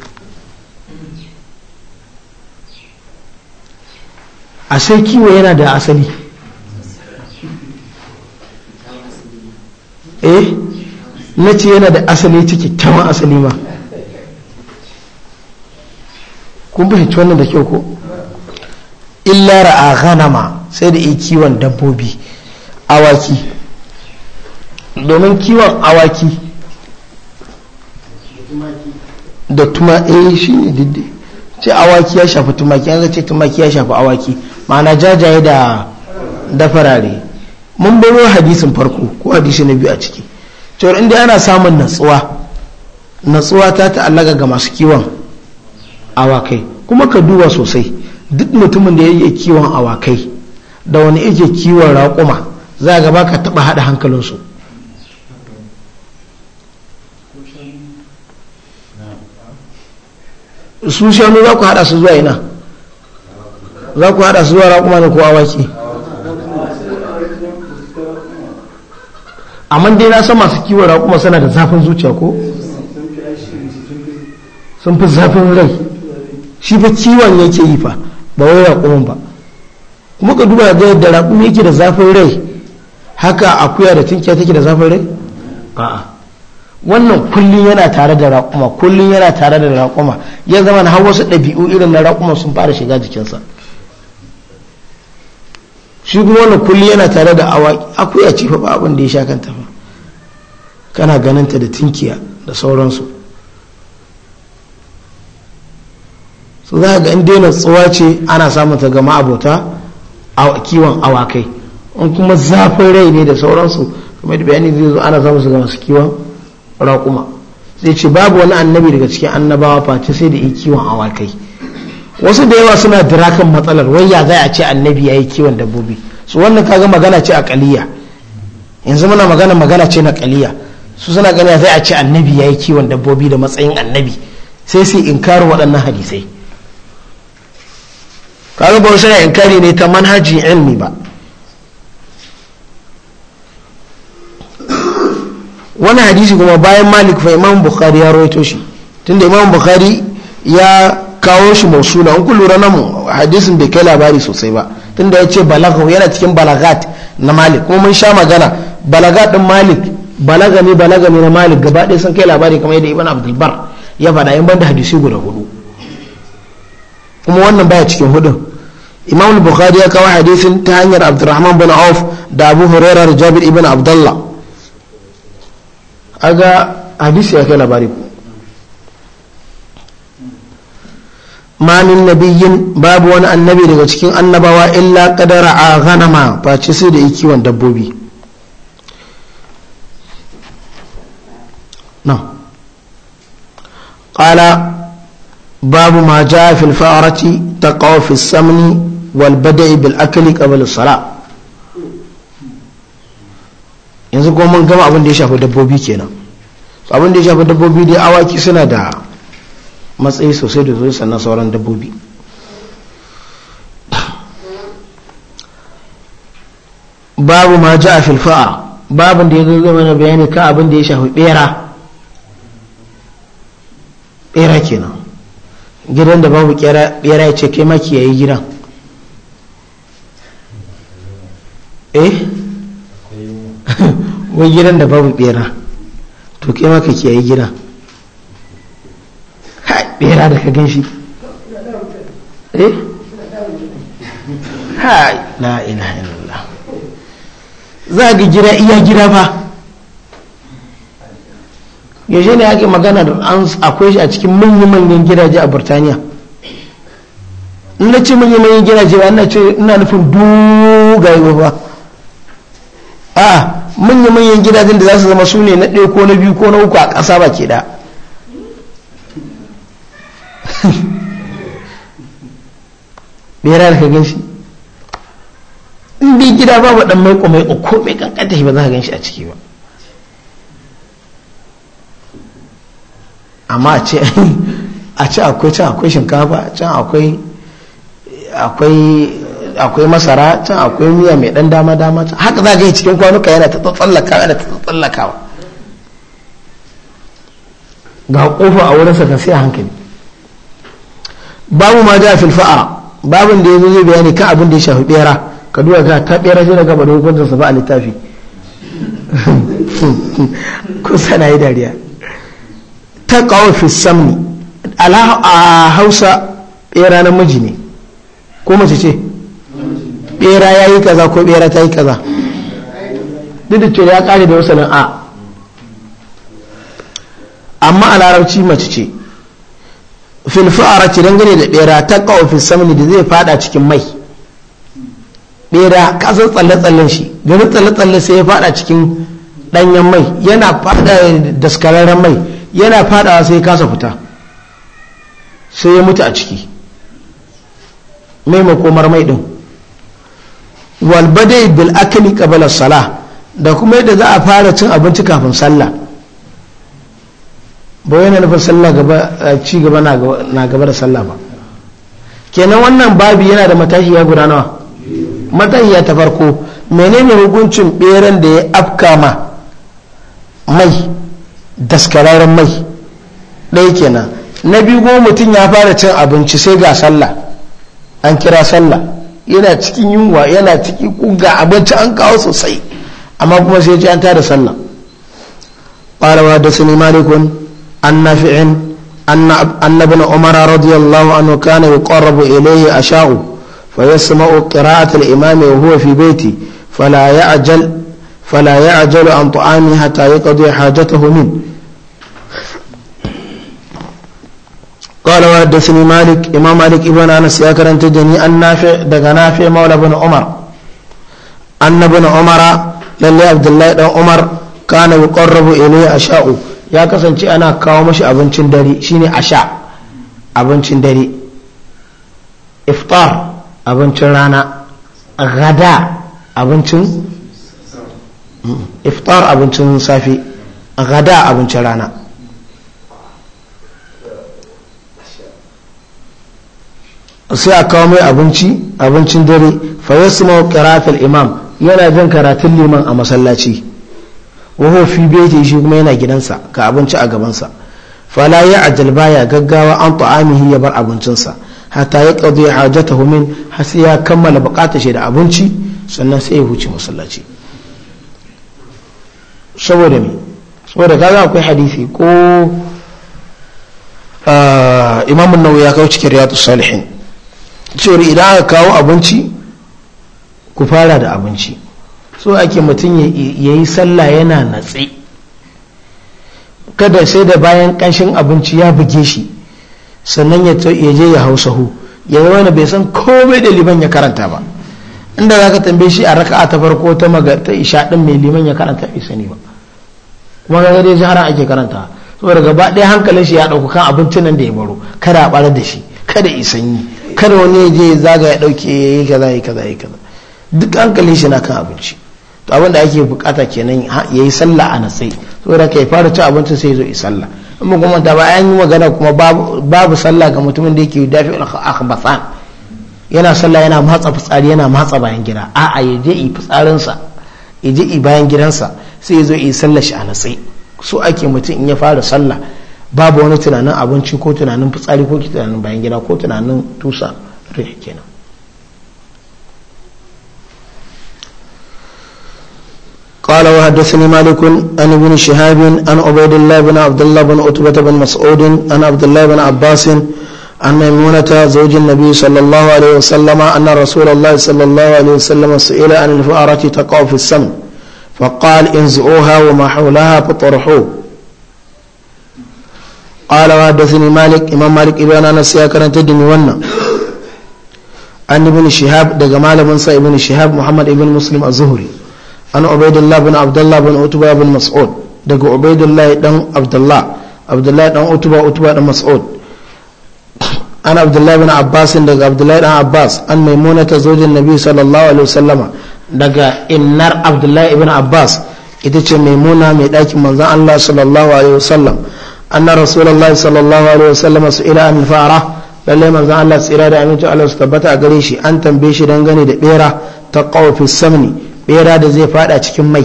S1: a sai kiwo yana da asali eh na ce yana da asali ciki kyawun asali ma kun fahimci wannan da kyau ko illa ra'a ghanama sai da kiwon dabbobi awaki domin kiwon awaki da tuma eh shi ne diddi ce awaki ya shafi tumaki an ce tumaki ya shafi awaki ma'ana jajaye da dafarare. farare mun baro hadisin farko ko hadisi na biyu a ciki cewar inda ana samun natsuwa natsuwa ta ta'allaka ga masu kiwon awakai kuma ka duba sosai duk mutumin da yake kiwon awakai da wani yake kiwon raƙuma za ga ba ka taɓa haɗa hankalinsu su shanu za ku haɗa su zuwa ina za ku haɗa su zuwa raƙuma ne ko awaki amma dai na san masu kiwon raƙuma suna da zafin zuciya ko sun fi zafin rai shi fa ciwon yake yi fa ba wai raƙumin ba kuma ka duba da yadda raƙumi yake da zafin rai haka akuya da tunkiya take da zafin rai a'a wannan kullum yana tare da raƙuma kullum yana tare da raƙuma ya zama na wasu ɗabi'u irin na raƙuma sun fara shiga jikinsa shi kuma wannan kullum yana tare da awaki akuya ce fa ba abin da ya sha kanta ba kana ganin ta da tunkiya da sauransu Su za ga in daina tsuwa ce ana samun ta gama abota a kiwon awakai in kuma zafin rai ne da sauransu kuma da bayani zai zo ana samun su ga masu kiwon raƙuma zai ce babu wani annabi daga cikin annabawa face sai da yi kiwon awakai wasu da yawa suna dirakan matsalar wai ya za a ce annabi ya yi kiwon dabbobi su wannan kaga magana ce a kaliya yanzu muna magana magana ce na kaliya su suna gani ya za a ce annabi ya yi kiwon dabbobi da matsayin annabi sai sai inkaru waɗannan hadisai kaga ba suna inkari ne ta manhaji ilmi ba wani hadisi kuma bayan malik fa imam bukhari ya rawaito shi tunda imam bukhari ya kawo shi mausula in kun lura namu hadisin bai kai labari sosai ba tunda ya ce balagha yana cikin balagat na malik kuma mun sha magana balagat din malik balaga ne balaga ne na malik gaba ɗaya sun kai labari kamar yadda ibn abdul bar ya faɗa in banda hadisi guda hudu kuma wannan baya cikin hudun imam bukhari ya kawo hadisin ta hanyar abdurrahman bin auf da abu huraira da jabir ibn abdullah aga hadisi ya kai labari ku manin nabiyyin babu wani annabi daga cikin annabawa illa kadara a ghanama face sai da kiwon dabbobi na qala babu ma jaa fil fa'rati taqaw fi samni wal بالاكل قبل الصلاه yanzu kuma mun gama abin da ya shafi dabbobi kenan abin da ya shafi dabbobi dai awaki suna da matsayi sosai da zuwa sannan sauran dabbobi babu ma ji a filfa'a babin da ya zo mana bayani ka abin da ya shafi bera bera kenan gidan da babu bera ya ce kai makiyayi gidan eh wai gidan da babu bera to ke maka yi gida ha bera da ka gan shi eh ha la ilaha illallah za ga gida iya gida ba yaje ne yake magana da an akwai shi a cikin manya-manyan gidaje a burtaniya in na ce manya-manyan gidaje ba ina nufin dogaye ba a manya manyan gidajen da za su zama su ne na ɗaya ko na biyu ko na uku a ƙasa ba ke da bera ka gan shi in bi gida ba waɗan mai ko mai ko mai ƙanƙanta shi ba za ka gan shi a ciki ba amma a ce a ce akwai can akwai shinkafa can akwai akwai akwai masara can akwai miya mai dan dama dama can haka za ga cikin kwanuka yana ta tsallaka yana ta tsallakawa ga kofa a wurinsa ka sai hankali babu ma ja fil fa'a babin da yazo zai bayani kan abin da ya shafi bera ka duba ga ta bera shi daga bada hukuncin sa ba a littafi kusa sana yi dariya ta kawo fi samni a hausa bera namiji ne ko mace ce bera ya yi kaza ko bera ta yi kaza duk da cewa ya kare da wasanin a amma a larabci mace ce fil ce dangane da bera ta kawo fil samani da zai fada cikin mai bera kasar tsalle-tsallen shi ganin tsalle-tsalle sai ya fada cikin danyen mai yana fada daskararren mai yana fadawa sai kasa fita sai ya mutu a ciki mai makomar mai din walbade bil akali qabla salah da kuma yadda za a fara cin abinci kafin sallah ba yana nufin sallah gaba ci gaba na gaba da sallah ba kenan wannan babi yana da matashiya guda nawa matashiya ta farko menene hukuncin ɓeran da ya afka ma mai daskararren mai ɗaya kenan na biyu goma mutum ya fara cin abinci sai ga sallah an kira sallah yana cikin yunwa yana ciki kuga abinci an kawo sosai amma kuma sai ji an tada sallah qalawa da sunni malikun annafi'in annabi na umara radiyallahu anhu kana yuqarrabu ilayhi asha'u fa yasma'u qira'atul imam wa huwa fi bayti fala ya'jal fala ya'jal an tu'ami hatta yaqdi hajatahu min قال وحدثني مالك امام مالك ابن انس يا كرنت ان نافع دغ نافع مولى بن عمر ان ابن عمر للي عبد الله بن عمر كان يقرب إليه اشاء يا كسنتي انا كاو مشي ابنچن داري شيني اشاء ابنچن داري افطار ابنچن رانا غدا ابنچن افطار ابنچن صافي غدا ابنچن رانا sai a kawo mai abinci abincin dare fa yasma'u qira'atul imam yana jan karatun liman a masallaci wa biyar fi yi shi kuma yana gidansa ka abinci a gabansa fala ya ajal baya gaggawa an ta'amihi ya bar abincinsa hatta ya qadi hajatahu min hasi ya kammala buƙatar shi da abinci sannan sai ya huce masallaci saboda me saboda kaga akwai hadisi ko ah, imamun an ya kawo cikin riyatu salihin cewar idan aka kawo abinci ku fara da abinci so ake mutum ya yi sallah yana natse kada sai da bayan kanshin abinci ya buge shi sannan ya je ya hau sahu ya yi wani bai san komai da liman ya karanta ba inda za ka tambaye shi a raka'a ta farko ta magarta isha din mai liman ya karanta bai sani ba kuma ga jihara ake karanta daga gaba ɗaya hankalin shi ya ɗauka kan abincin nan da ya baro kada a ɓarar da shi kada isanyi kada wani ya je zaga ya dauke ya yi kaza ya kaza kaza duk hankali shi na kan abinci to abin da ake bukata kenan yayi yi sallah a natsai saboda ka ya fara cin abinci sai zo yi sallah in ba kuma ba yan yi magana kuma babu sallah ga mutumin da yake dafi akhbasan yana sallah yana matsa fitsari yana matsa bayan gida a'a ya je yi fitsarinsa ya je yi bayan gidansa sai ya zo yi sallah shi a natsai so ake mutum in ya fara sallah babu wani tunanin abinci ko tunanin fitsari ko tunanin bayan gida ko tunanin tusa rihi kenan قال وحدثني مالك عن ابن شهاب عن عبيد الله بن عبد الله بن عتبة بن مسعود عن عبد الله بن عباس عن ميمونة زوج النبي صلى الله عليه وسلم أن رسول الله صلى الله عليه وسلم سئل عن الفأرة تقع في السم فقال انزعوها وما حولها فطرحوه قال وحدثني مالك امام مالك ابن انس يا كرنت دني wannan an ibn shihab daga malamin sa ibn shihab muhammad ibn muslim az-zuhri an ubaidullah bin abdullah bin utba bin mas'ud daga ubaidullah dan abdullah abdullah dan utba utba dan mas'ud an abdullah bin abbas daga abdullah dan abbas an maimuna ta zojin nabi sallallahu alaihi wasallama daga innar abdullah ibn abbas ita ce maimuna mai dakin manzon allah sallallahu alaihi wasallam anna rasulullahi sallallahu alaihi wasallam ila an fara lalle manzon Allah tsira da aminci Allah su tabbata a gare shi an tambaye shi dangane da bera ta qawfi samni bera da zai fada cikin mai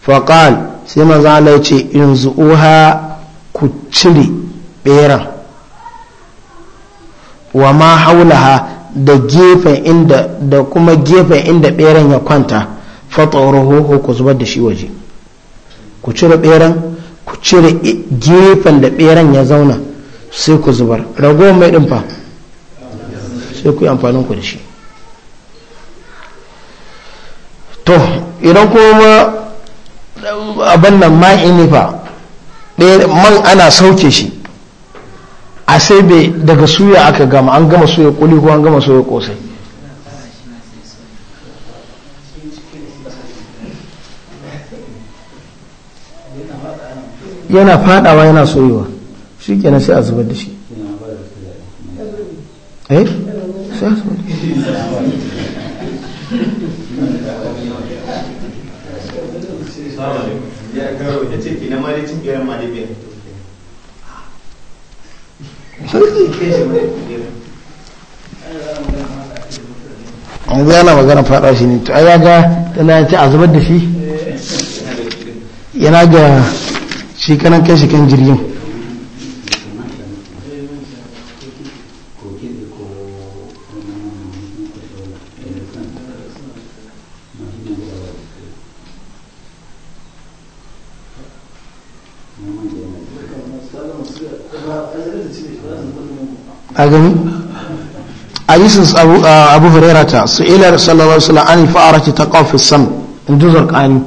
S1: fakal sai manzon Allah ya ce uha ku cire ɓeran wa ma haulaha da gefen inda da kuma gefen inda beran ya kwanta fatsaruhu ku zubar da shi waje ku cire beran ku cire gefen da beran ya zauna sai ku zubar ragowar mai dinfa sai ku yi amfanin ku da shi to idan kuma abin nan ma'ini fa man ana sauke shi a sai bai daga suya aka gama an gama suya kuli ko an gama suya kosai yana fadawa yana soyewa shi ke sai a zubar da shi eh? sai a zubar da shi an zuwa magana fada shi ne to ya ga tana ce a zubar da shi yana ga شكرا كشكرا جريم أجمي أجلس أبو أبو فريرة سئل رسول الله صلى الله عليه وسلم عن فأرة تقاف في السم الجزر كأني يعني.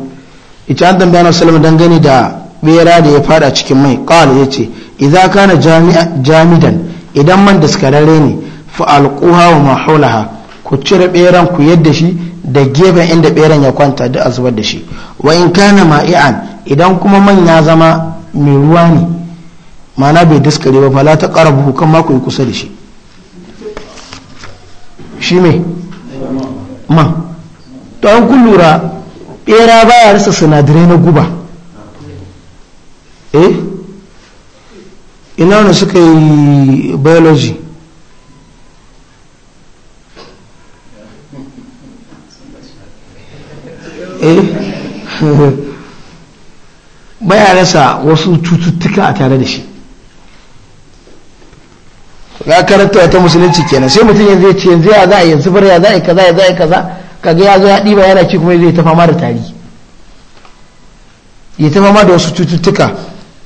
S1: إتى عندما بين رسول الله دعاني دا bera da ya fada cikin mai qal yace idza kana jamidan idan man da daskararre ne fa alquha wa mahulaha ku cire beran ku yadda shi da gefen inda beran ya kwanta da azubar da shi wa in kana ma'i'an idan kuma man ya zama mai ruwa ne mana bai daskare ba fala ta qarabu ma ku yi kusa da shi shi me man to an kun lura bera baya rasa sinadirai na guba eh ina ne suka yi biology eh baya rasa wasu cututtuka a tare da shi ga karanta ta musulunci kenan sai mutum yanzu ya ce yanzu ya za a yanzu bar ya za a yi kaza ya za a yi kaza kaga ya zo ya ɗiba yana ci kuma zai ta fama da tari ya ta fama da wasu cututtuka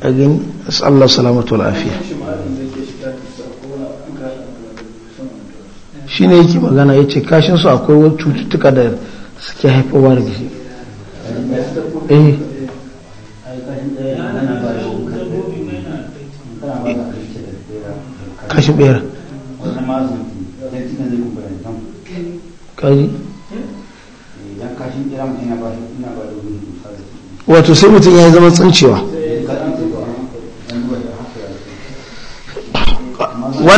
S1: a gani Allah salamatu lafiya shi ne yake magana ya ce kashinsu akwai cututtuka da suke haifarwa da shi eh kashin bera wato sai mutum ya yi zama tsincewa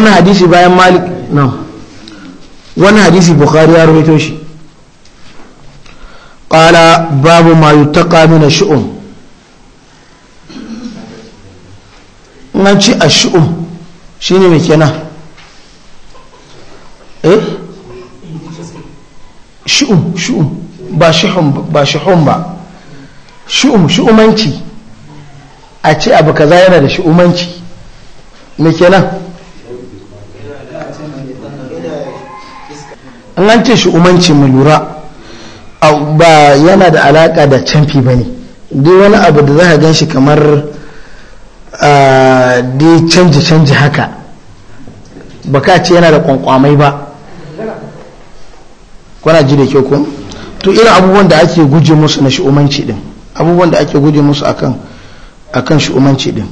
S1: wannan hadisi bayan malik na wannan hadisi bukhari ya rubuto shi ƙala babu ma yutaqa min shi'un nan ci shi ne mai kena eh shi'un shi'un ba shi'un ba shi'un ba shi'un shu'umanci a ce abu kaza yana da shu'umanci me kena in an ce shi umanci mu lura ba yana da alaka da canfi ba ne dai wani abu da za a gan shi kamar dai canji-canji haka ba ka ce yana da kwankwamai ba kwana ji da kyau ko to irin abubuwan da ake guje musu na shi'umanci din abubuwan da ake guje musu akan akan shi'umanci din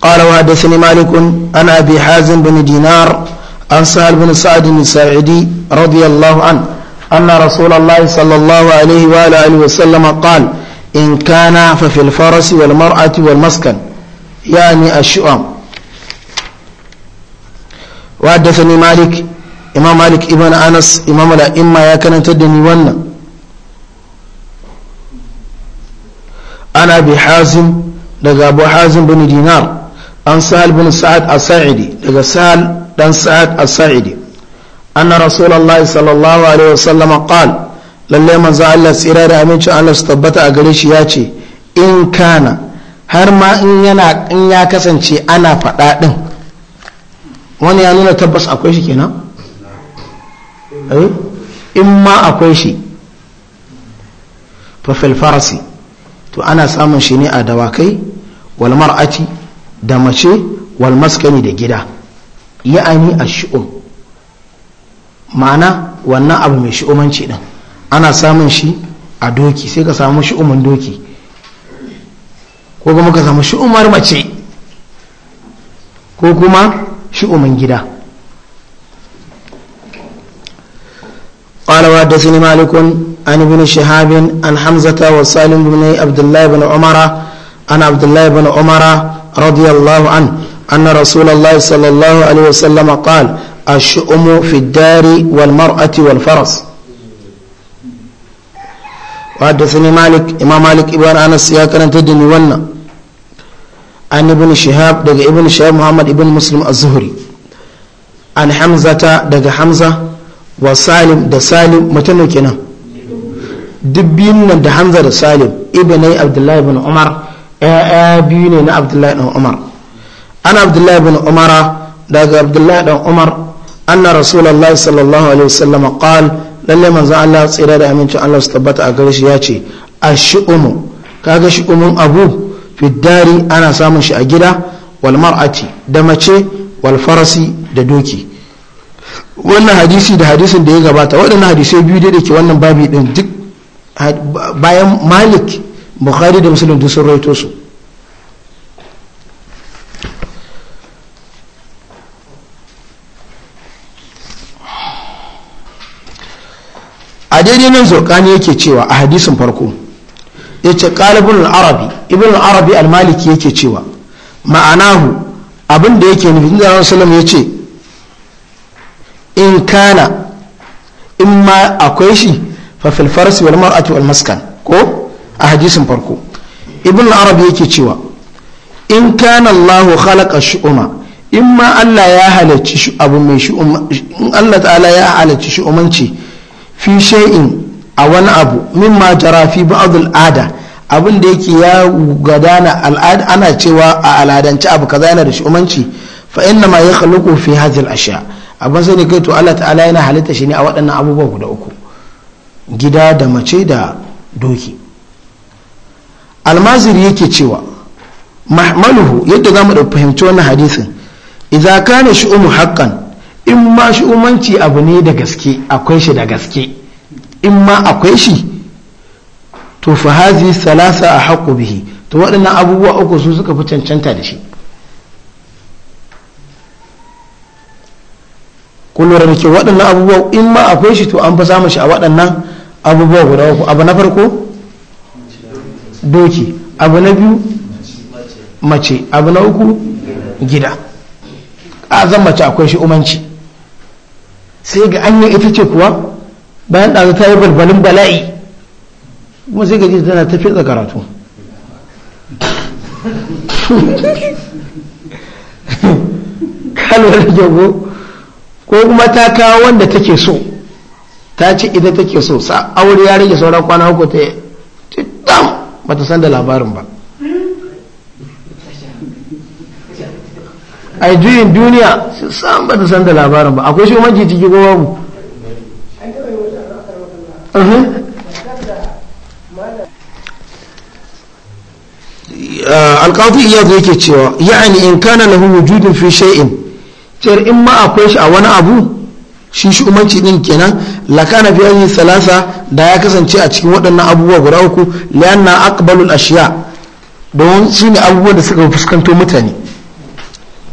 S1: قال وحدثني مالك عن ابي حازم بن دينار عن سهل بن سعد الساعدي رضي الله عنه أن رسول الله صلى الله عليه وآله وسلم قال إن كان ففي الفرس والمرأة والمسكن يعني الشؤم وحدثني مالك إمام مالك ابن أنس إمام الأئمة يا كان تدني ونا أنا أبي حازم لقى أبو حازم بن دينار an sa'al bin sa'ad as-sa'idi daga sa'al dan sa'ad as-sa'idi anna rasulullahi sallallahu alaihi wasallam qala lalle manzo Allah tsira da amincin Allah su tabbata a gare shi ya ce in kana har ma in yana in ya kasance ana faɗa ɗin wani ya nuna tabbas akwai shi kenan in ma akwai shi to farasi to ana samun shi ne a dawakai wal mar'ati da mace wal maskani da gida ya'ani a shi'um ma'ana wannan abu mai shi'umanci din ana samun shi a doki sai ka samu shu'umin doki ko kuma ka samu shi'umar mace ko kuma shu'umin gida قال وحدثني مالك عن ابن شهاب عن حمزة وسالم بن عبد الله بن عمر عن عبد الله بن عمر رضي الله عنه أن رسول الله صلى الله عليه وسلم قال الشؤم في الدار والمرأة والفرس وحدثني مالك إمام مالك ابن أنس يا كان تدني ونا عن ابن شهاب دق ابن شهاب محمد ابن مسلم الزهري عن حمزة دق حمزة وسالم دا سالم متنو كنا دبين دا حمزة دا سالم ابن عبد الله بن عمر ya'ya biyu ne na abdullahi ɗan umar an abdullahi bin umara daga abdullahi ɗan umar anna rasulallah sallallahu alaihi wasallam qal lalle manzo Allah tsira da aminci Allah su tabbata a gare ya ce ashumu kaga shi umun abu fi dari ana samun shi a gida wal mar'ati da mace wal farasi da doki wannan hadisi da hadisin da ya gabata waɗannan hadisai biyu da ke wannan babi din duk bayan malik bukhari da muslim sun raito su a daidai nan zurkani yake cewa a hadisin farko ya ce ƙalibin arabi ibn arabi maliki yake cewa ma'anahu abin da yake nufin da salam ya ce in kana in ma akwai shi fa fil farsi wal mar'ati wal maskan ko a hadisin farko ibn arab yake cewa in kana allah khalaqa shu'uma in ma allah ya halarci abu mai shu'uma in allah ta'ala ya halarci shu'umanci fi shay'in a wani abu mimma jara fi ba'd al'ada abin da yake ya gadana al'ada ana cewa a al'adance abu kaza yana da shu'umanci fa inna ma yakhluqu fi hadhihi al abin sai ne kai to allah ta'ala yana halitta shi ne a waɗannan abubuwa guda uku gida da mace da doki almaziri yake cewa mahmaluhu yadda za mu da fahimci wannan hadisin idza kana shu'umu haqqan in ma shu'umanci abu ne da gaske akwai shi da gaske in ma akwai shi to fa hazi salasa a haqqu bihi to waɗannan abubuwa uku su suka fi cancanta da shi kullum da ke waɗannan abubuwa in ma akwai shi to an fi samun shi a waɗannan abubuwa guda uku abu na farko doki abu na biyu mace abu na uku gida azan mace akwai shi umanci sai ga yi ita ce kuwa bayan ɗazu ta yi balbalin bala'i kuma sai gaji tana ta fitsa karatu kalwar jago ko kuma ta kawo wanda take so ta ce ita take so sa aure ya rage sauran kwana uku ta yi bata san da labarin ba ai juyin duniya san bata san da labarin ba akwai shi shugabanci ciki ko mu alƙafi iya zai ke cewa ya'ani in kana lahu wujudin fi shay'in cewar in ma akwai shi a wani abu shi umarci din kenan lakana fi hadhihi salasa da ya kasance a cikin waɗannan abubuwa guda uku lianna aqbalul ashiya don ne abubuwan da suka fuskanto mutane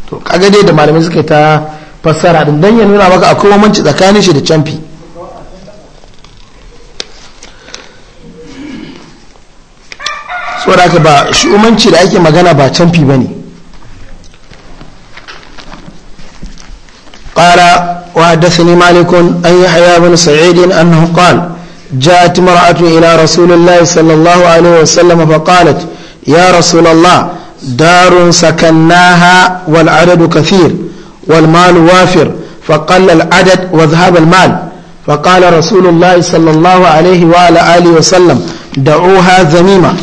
S1: to kaga dai da malamai suka ta fassara din dan ya nuna maka akwai umarci tsakanin shi da camfi saboda ba umarci da ake magana ba camfi bane qala وحدثني مالك أن يحيى بن سعيد أنه قال جاءت امرأة إلى رسول الله صلى الله عليه وسلم فقالت يا رسول الله دار سكناها والعدد كثير والمال وافر فقل العدد وذهب المال فقال رسول الله صلى الله عليه وعلى آله وسلم دعوها ذميمة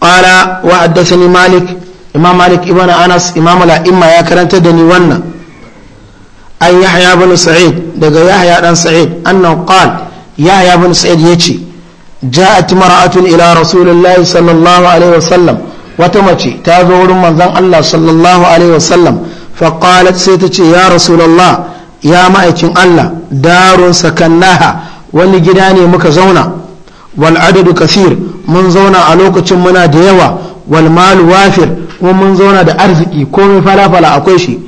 S1: قال وحدثني مالك imam malik ibn anas imam al'imma ya karanta da ni wannan an yahya bin sa'id daga yahya dan sa'id annan qal yahya bin sa'id yace ja'at mar'atun ila rasulillah sallallahu alaihi wasallam wata mace ta zo wurin manzon Allah sallallahu alaihi wasallam fa qalat sai ta ce ya rasulullah ya ma'aikin Allah darun sakannaha wani gida ne muka zauna wal adadu kasir mun zauna a lokacin muna da yawa wal malu wafir kuma mun zauna da arziki komai falafala akwai shi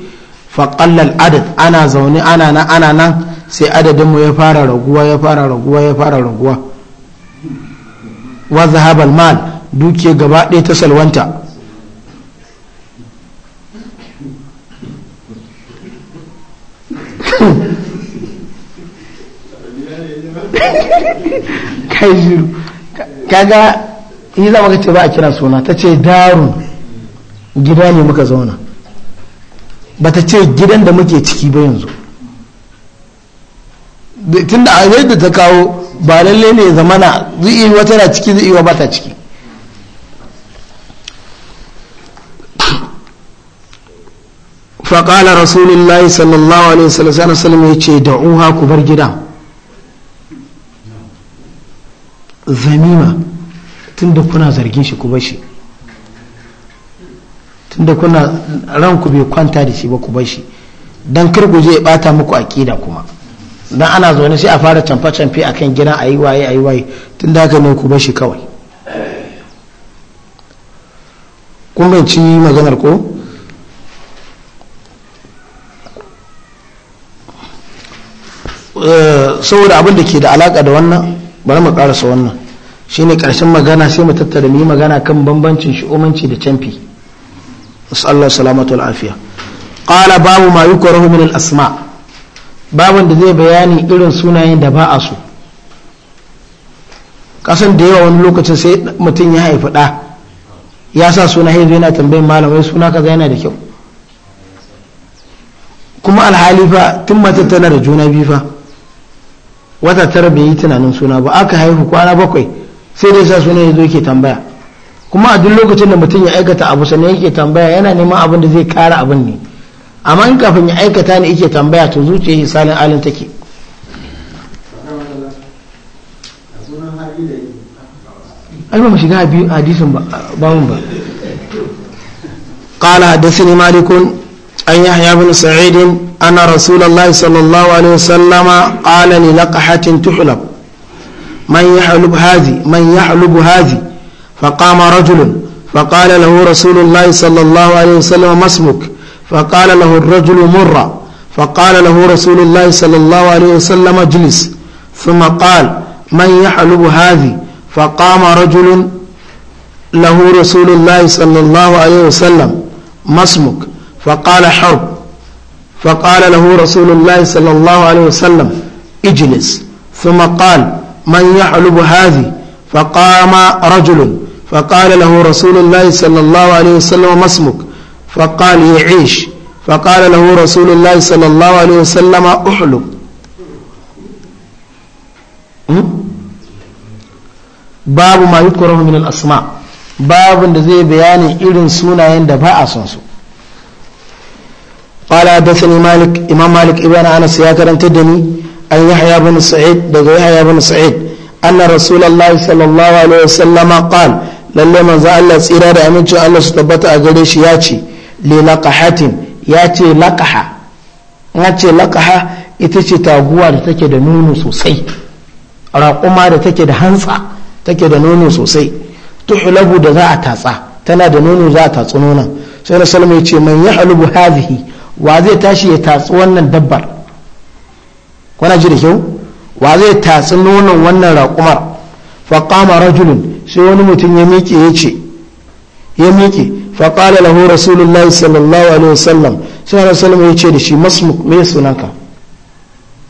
S1: faƙallal adad ana zaune ana nan ana nan sai adadin mu ya fara raguwa ya fara raguwa ya fara raguwa wa zahabal mal duke gaba ɗaya ta salwanta kai kaga yi za maka ce ba a kira suna ta ce darun gida ne muka zauna ba ta ce gidan da muke ciki ba yanzu tun da a da ta kawo ba lalle ne zamana zai wata na ciki zai ba ta ciki faƙala rasulullahi sallallahu alaihi wasallam ya ce da'uha ku bar gidan zamima tunda kuna zargin shi ku bashi tunda kuna ranku bai kwanta da shi ba ku bashi dan kar ku je ya bata muku aqida kuma dan ana zaune sai a fara canfa canfe akan gida ayi waye ayi waye da haka ne ku bashi kawai kun banci maganar ko eh, saboda abin da ke da alaka da wannan bari mu karasa wannan shine karshen magana sai mu tattara mu yi magana kan bambancin shi'umanci da canfi Allah salamatu afiya ƙala babu ma yukrahu min asma babun da zai bayani irin sunayen da ba a so kasan da yawa wani lokacin sai mutum ya haifi ɗa ya sa suna haizu yana tambayin malamai suna kaza yana da kyau kuma alhali fa tun mace tana da juna biyu fa wata tara bai yi tunanin suna ba aka haihu kwana bakwai sai dai sa suna ya zo yake tambaya kuma a duk lokacin da mutum ya aikata abu sannan yake tambaya yana neman abin da zai kara abin ne amma in kafin ya aikata ne yake tambaya to zuciya hisalin alin take ai ba mu shiga hadisin ba ba ba قال حدثني مالك أن يحيى بن سعيد أن رسول الله صلى الله عليه وسلم قال للقحة تحلب من يحلب هذه من يحلب هذه فقام رجل فقال له رسول الله صلى الله عليه وسلم ما اسمك فقال له الرجل مرة فقال له رسول الله صلى الله عليه وسلم اجلس ثم قال من يحلب هذه فقام رجل له رسول الله صلى الله عليه وسلم ما اسمك فقال حرب فقال له رسول الله صلى الله عليه وسلم اجلس ثم قال من يحلب هذه فقام رجل فقال له رسول الله صلى الله عليه وسلم ما اسمك فقال يعيش فقال له رسول الله صلى الله عليه وسلم احلب باب ما يكره من الاسماء باب da zai bayanin irin sunayen da ba a son su قال حدثني مالك إمام مالك ابن أنس يا كرم تدني أن يحيى بن سعيد دقى يحيى بن سعيد أن رسول الله صلى الله عليه وسلم قال lalle manzo Allah tsira da amincin Allah su tabbata a gare shi ya ce li laqahatin ya ce laqaha ya ita ce guwa da take da nono sosai raƙuma da take da hantsa take da nono sosai tuhulabu da za a tatsa tana da nono za a tatsi nonon sai na salma ya ce man ya bu hazihi. wa zai tashi ya tatsi wannan dabbar kuna ji da kyau wa zai tatsi nonon wannan raƙumar faƙama rajulun sai wani mutum ya miƙe ya ce ya miƙe faƙala lahu rasulullahi sallallahu alaihi wasallam sai rasulun ya ce da shi masmuk me sunanka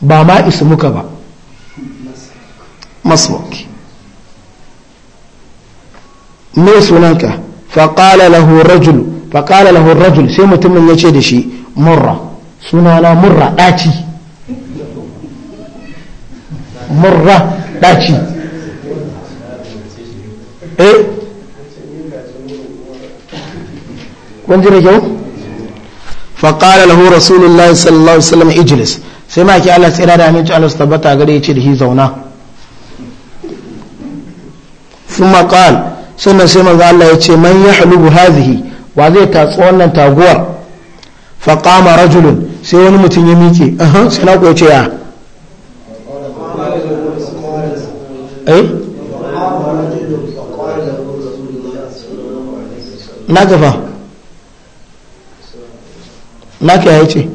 S1: ba ma ismuka ba masmuk me sunanka faƙala lahu rajul faƙala lahu sai mutumin ya ce da shi murra sunana murra ɗaci murra ɗaci eh kun ji da kyau faƙara lahu sallallahu alaihi wasallam ijlis sai ma ki Allah tsira da aminci Allah su tabbata gare ya ce da shi zauna sun maƙal sannan sai maza Allah ya ce man ya halubu hazihi wa zai tatsi wannan taguwar فقام رجل سيون متن يميكي أها سنوك وشيا أي نقفة نك يا هيتي إيه؟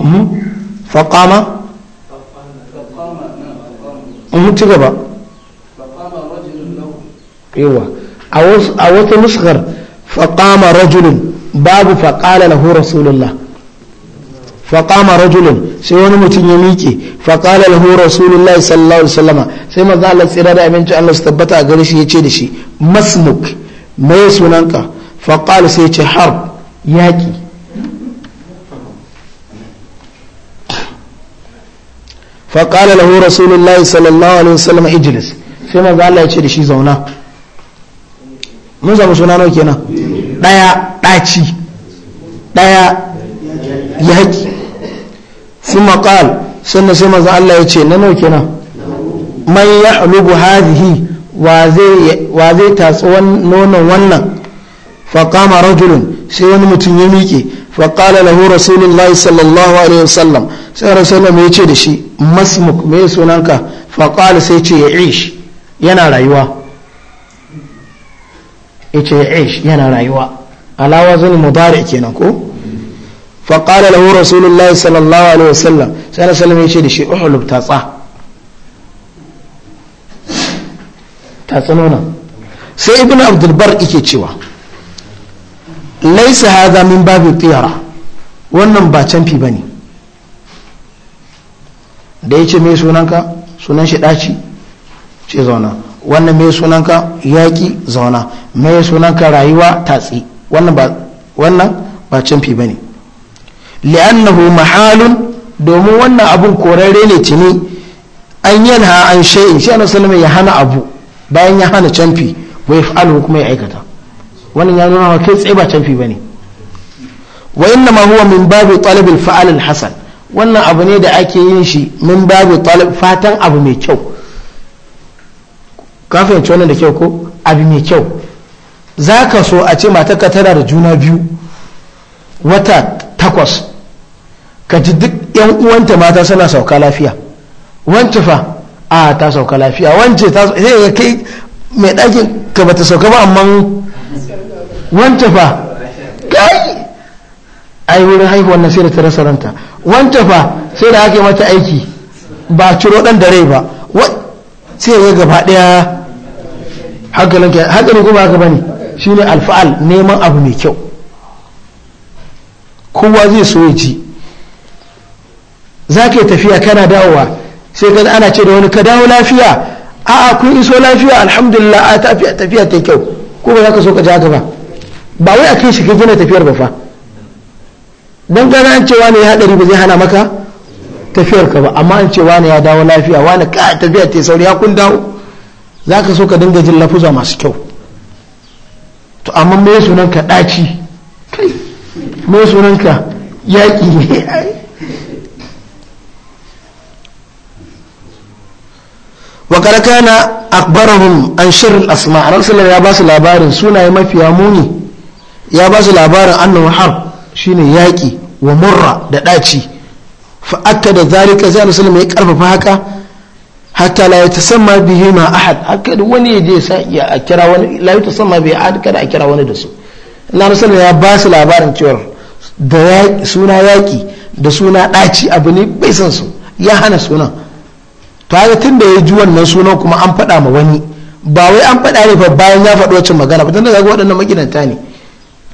S1: أمم. فقام فقام فقام فقام فقام رجل له ايوه اوت مصغر faƙama rajulun babu faƙala lahu rasulullah faƙama rajulun sai wani mutum ya miƙe faƙala lahu rasulullah sallallahu alaihi wasallama sai maza Allah tsira da abinci Allah su tabbata a gare shi ya ce da shi masmuk mai sunanka faƙala sai ce har yaƙi faƙala lahu rasulullah sallallahu alaihi sai maza ya ce da shi zauna mun zama suna nawa kenan ɗaya ɗaci ɗaya yaƙi sun maƙal sannan sai maza Allah ya ce na nawa kenan man ya alubu hadihi wa zai tatsi nonon wannan faƙama rajulun sai wani mutum ya miƙe faƙala lahu rasulullahi sallallahu alaihi wasallam sai rasulullah ya ce da shi masmuk me sunanka faƙala sai ce ya ish yana rayuwa yace aish yana rayuwa alawa zan mudari kenan ko fa qala lahu rasulullahi sallallahu alaihi wasallam sai na sallama yace da shi uhulub tatsa tatsanona sai ibnu abdul bar yake cewa laisa hadha min babin tiyara wannan ba canfi bane da yace me sunanka sunan shi daci ce zauna wannan mai sunanka yaƙi zauna mai sunanka rayuwa tatsi wannan ba canfi ba ne li'annahu mahalun domin wannan abun korare ne tuni an yi yanha an shayi shi ana sallallahu ya hana abu bayan ya hana canfi wai fa'alu kuma ya aikata wannan ya nuna kai tsaye ba canfi ne. wa inna ma huwa min babu talibin al Hassan hasan wannan abu ne da ake yin shi min babu talab fatan abu mai kyau ka fahimci wannan da kyau ko abu mai kyau za ka so a ce matarka tana da juna biyu wata takwas ka ji duk yan uwanta mata suna sauka lafiya wance fa a ta sauka lafiya wance ta sai ya kai mai ɗakin ka bata sauka ba amma wance fa kai ai wurin haihuwar wannan sai da ta rasa ranta wance fa sai da ake mata aiki ba ciro ɗan da rai ba sai ya gaba daya hankalin kuma haka bane shine alfa'al neman abu mai kyau kowa zai so ya ci za ka yi tafiya kana dawowa sai ka ana ce da wani ka dawo lafiya a a kun iso lafiya alhamdulillah a tafiya tafiya ta kyau ko ba za ka so ka ji haka ba ba wai a kai shi ka gina tafiyar ba fa don gana an cewa ne ya hadari ba zai hana maka tafiyar ka ba amma an ce wani ya dawo lafiya wani ka tafiya ta sauri ya kun dawo za ka so ka dinga jin lafuza masu kyau to amma me sunan ka ɗaci kai sunan ka yaƙi ne wa kana akbarahum an shirin asma rasulullah ya ba su labarin sunaye mafiya muni ya ba su labarin annan har shine yaƙi wa murra da ɗaci fa aka da zarika zai annabi ya karfafa haka hatta la sama biyu ma ahad haka da wani ya je ya a kira wani la yatasamma a ahad kada a kira wani da su na sallallahu ya ba su labarin cewar da suna yaki da suna ɗaci abu ne bai san su ya hana sunan to haka da ya ji wannan sunan kuma an faɗa ma wani ba wai an faɗa ne fa bayan ya faɗi wacce magana ba tunda kaga waɗannan maginanta ne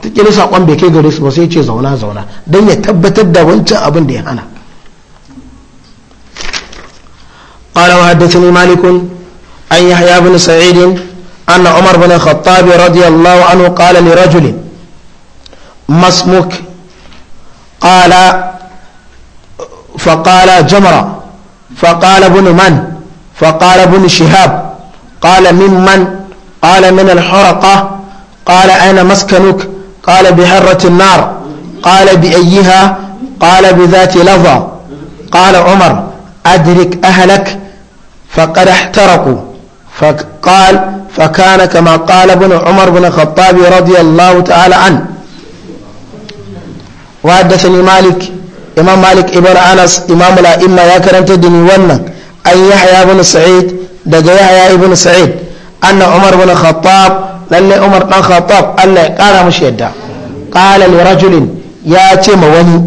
S1: ta kira saƙon bai kai gare su ba sai ya ce zauna zauna don ya tabbatar da wancan abin da ya hana قال وحدثني مالك أن يحيى بن سعيد أن عمر بن الخطاب رضي الله عنه قال لرجل ما اسمك قال فقال جمرة فقال ابن من فقال ابن شهاب قال ممن قال من الحرقة قال أين مسكنك قال بحرة النار قال بأيها قال بذات لظى قال عمر أدرك أهلك فقد احترقوا فقال فكان كما قال ابن عمر بن الخطاب رضي الله تعالى عنه وحدثني مالك إمام مالك ابن أنس إمام الأئمة يا كرمت الدنيا ونن اي يحيى بن سعيد دقى يحيى بن سعيد أن عمر بن الخطاب لأن عمر بن الخطاب ألا قال مش يدا قال لرجل يا تيم وني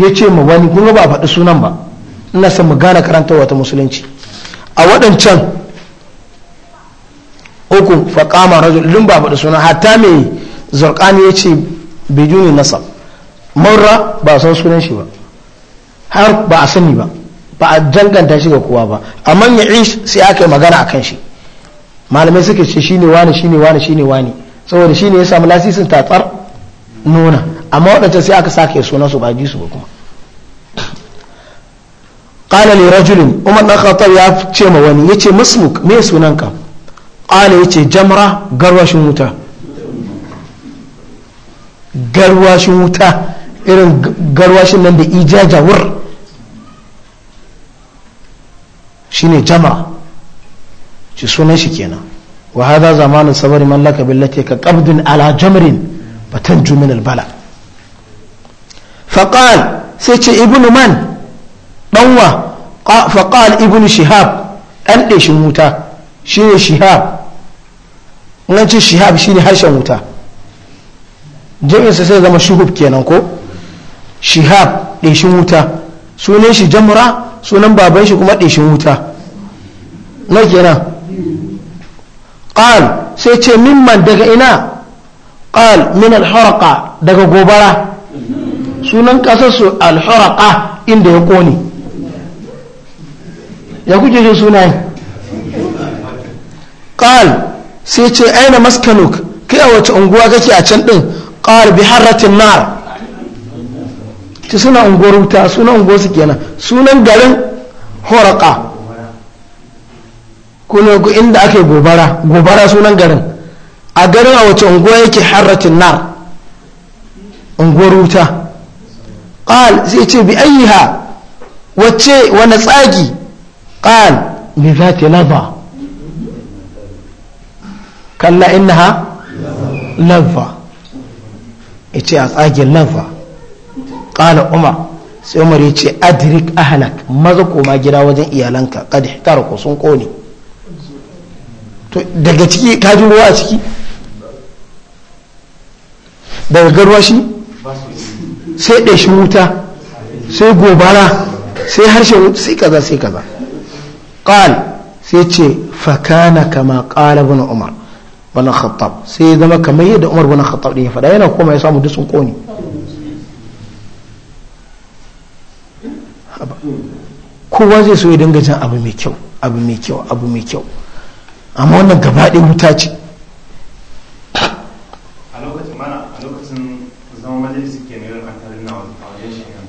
S1: يا تيم وني كنوا بابا السنان بابا ina son mu gane wata wata musulunci a waɗancan uku faƙama rajul lun ba faɗi suna hatta mai zarƙani ya ce bejuni nasa marra ba a san sunan shi ba har ba a sani ba ba a danganta shi ga kowa ba amma ya ish sai aka yi magana a kan shi malamai suka ce shi ne wani shi ne wani shi ne wani saboda shi ne ya samu lasisin tatsar nuna amma waɗancan sai aka sake sunan su ba ji su ba kuma qala rajulin umar dan khattab ya ce ma wani yace masmuk me sunanka qala yace jamra garwashin wuta garwashin wuta irin garwashin nan da ijaja shine jamra ci sunan shi kenan wa hadha zamanu sabari man laka billati ka qabdun ala jamrin fatanju min sai ce man ɗanwa faƙal ibn shihab ɗan ɗeshin wuta shi ne shihab nan ce shihab shi ne harshen wuta jami'insa sai zama shuhub kenan ko shihab ɗeshin wuta sunan shi jamura sunan baban shi kuma ɗeshin wuta na kenan ƙal sai ce mimman daga ina ƙal min alhuraka daga gobara sunan ƙasarsu alhuraka inda ya ƙone ya kuke jin sunayen ƙal sai ce aina maskanuk kai a wace unguwa kake a can ɗin. ƙal bi harratin nar ci suna unguwar wuta sunan unguwar su kenan sunan garin horaka kuna ku inda ake gobara gobara sunan garin a garin a wace unguwa yake harratin nar unguwar wuta ƙal sai ce bi ayyiha wacce wani tsagi قال لذات لظى كلا إنها لظى إتي أطاقي لظى قال عمر sai umar ya ce adrik maza koma gida wajen iyalanka kad ihtaraku sun kone to daga ciki ka ji ruwa a ciki daga garwa shi sai ɗashin wuta sai gobara sai harshen sai kaza sai kaza قال sai ce fakana kama ابن عمر umar ibn سي sai zama يد yadda umar الخطاب دي فدا ya faɗa yana دسن ya samu dusun سو kowa zai so ya dinga jin abu mai kyau abu mai kyau abu wannan gaba wuta ce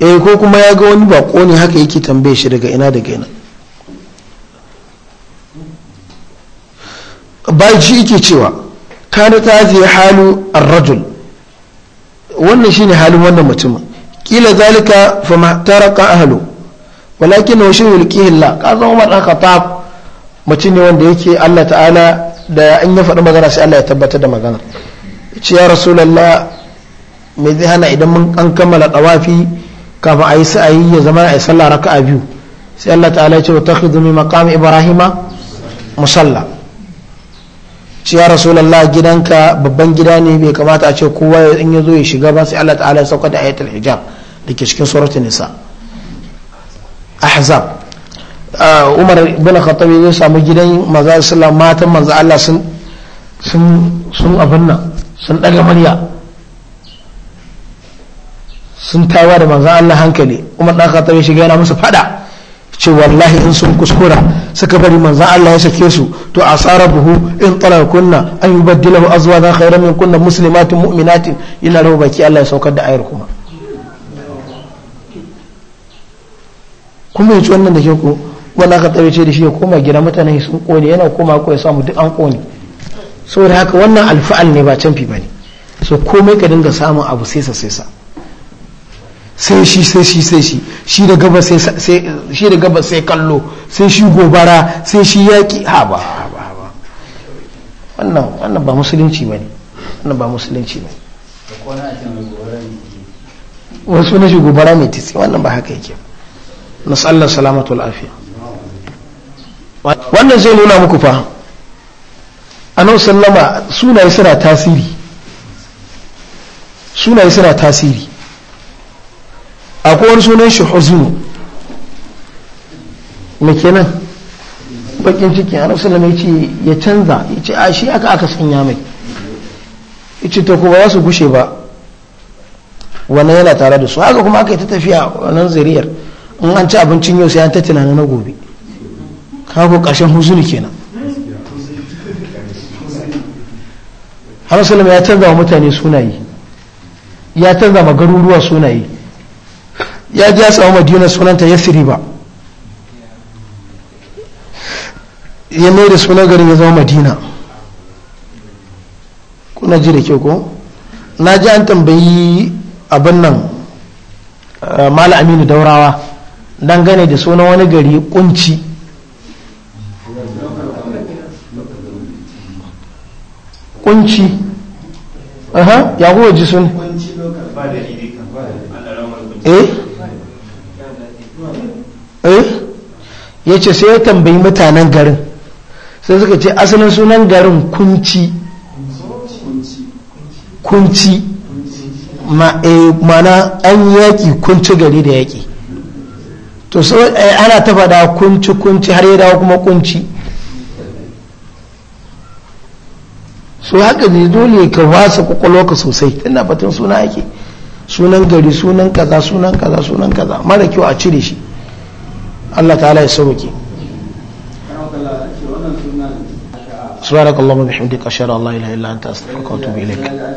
S1: eh ko kuma ya ga wani baƙo ne haka yake tambaye shi daga ina daga ina bayan shi yake cewa kana ta zai halu ar wannan shine halin wannan mutumin kila zalika fa ma taraka ahlu walakin wa shay'u liqihilla ka zama umar dan khattab mutum ne wanda yake Allah ta'ala da an ya faɗi magana sai Allah ya tabbatar da magana ce ya rasulullah me zai hana idan mun an kammala tawafi kafin ayi sa'ayi ya zama ayi sallah raka'a biyu sai Allah ta'ala ya ce wa takhudhu min maqami ibrahima musalla ce ya rasulullah gidanka babban gida ne bai kamata a ce kowa in ya zo ya shiga ba sai Allah ta'ala ya sauka da ayatul hijab da ke cikin suratul nisa ahzab ah, umar bin khattab ya samu gidan maza sallallahu matan manzo Allah sun sun sun abin nan sun daga murya sun tawa da manzo Allah hankali umar dan khattab ya shiga yana musu fada ce wallahi in sun kuskura suka bari manzan Allah ya sake su to a tsara buhu in tsara kunna an yi baddilahu azuwa zan khairan min kunna musulmatin mu'minatin yana rawa baki Allah ya saukar da ayar kuma kuma yi wannan da ke ko wanda aka tsari ce da shi ya koma gida mutane sun kone yana koma ko ya samu duk an kone saboda haka wannan alfa'al ne ba canfi ba ne. so komai ka dinga samun abu sai sa sai shi sai shi sai shi shi da gaba sai kallo sai shi gobara sai shi yaƙi ha ba ba wannan wannan ba musulunci ba ne wannan ba musulunci ba wasu na shi gobara mai titsi wannan ba haka yake tsallar salamatu al'afiya wannan zai nuna muku fa A nan sallama sunaye suna tasiri sunaye suna tasiri akwai wani sunan shi huznu me kenan bakin ciki a rasu lamai ce ya canza ya ce a shi aka aka sanya mai ya ce ta kuma su gushe ba wannan yana tare da su haka kuma aka yi ta tafiya wannan zariyar in an ci abincin yau sai an ta tunanin na gobe kawo ƙarshen huzuni kenan har ya canza wa mutane sunaye ya canza ma garuruwa sunaye ya ji ya samu madina sunanta yasiri ba ya mai da sunan garin ya zama madina kuna ji da kyau ko na ji an tambayi abin nan eh, mala aminu daurawa don gane da sunan wani gari kunci kunci ya kuwa ji sun eh Eh? ya ce sai ya tambayi mutanen garin sai suka ce asalin sunan garin kunci kunci mana eh, an yaƙi kunci gari da yaƙi to eh, ana ta faɗa kunci kunci har ya dawo kuma kunci so haka ne dole ka wasa kwakwalwaka sosai tana batun suna ake sunan gari sunan kaza sunan kaza sunan kaza mara kyau a cire shi Allah ta'ala ya sauke سبحانك اللهم وبحمدك اشهد ان لا اله الا انت استغفرك واتوب اليك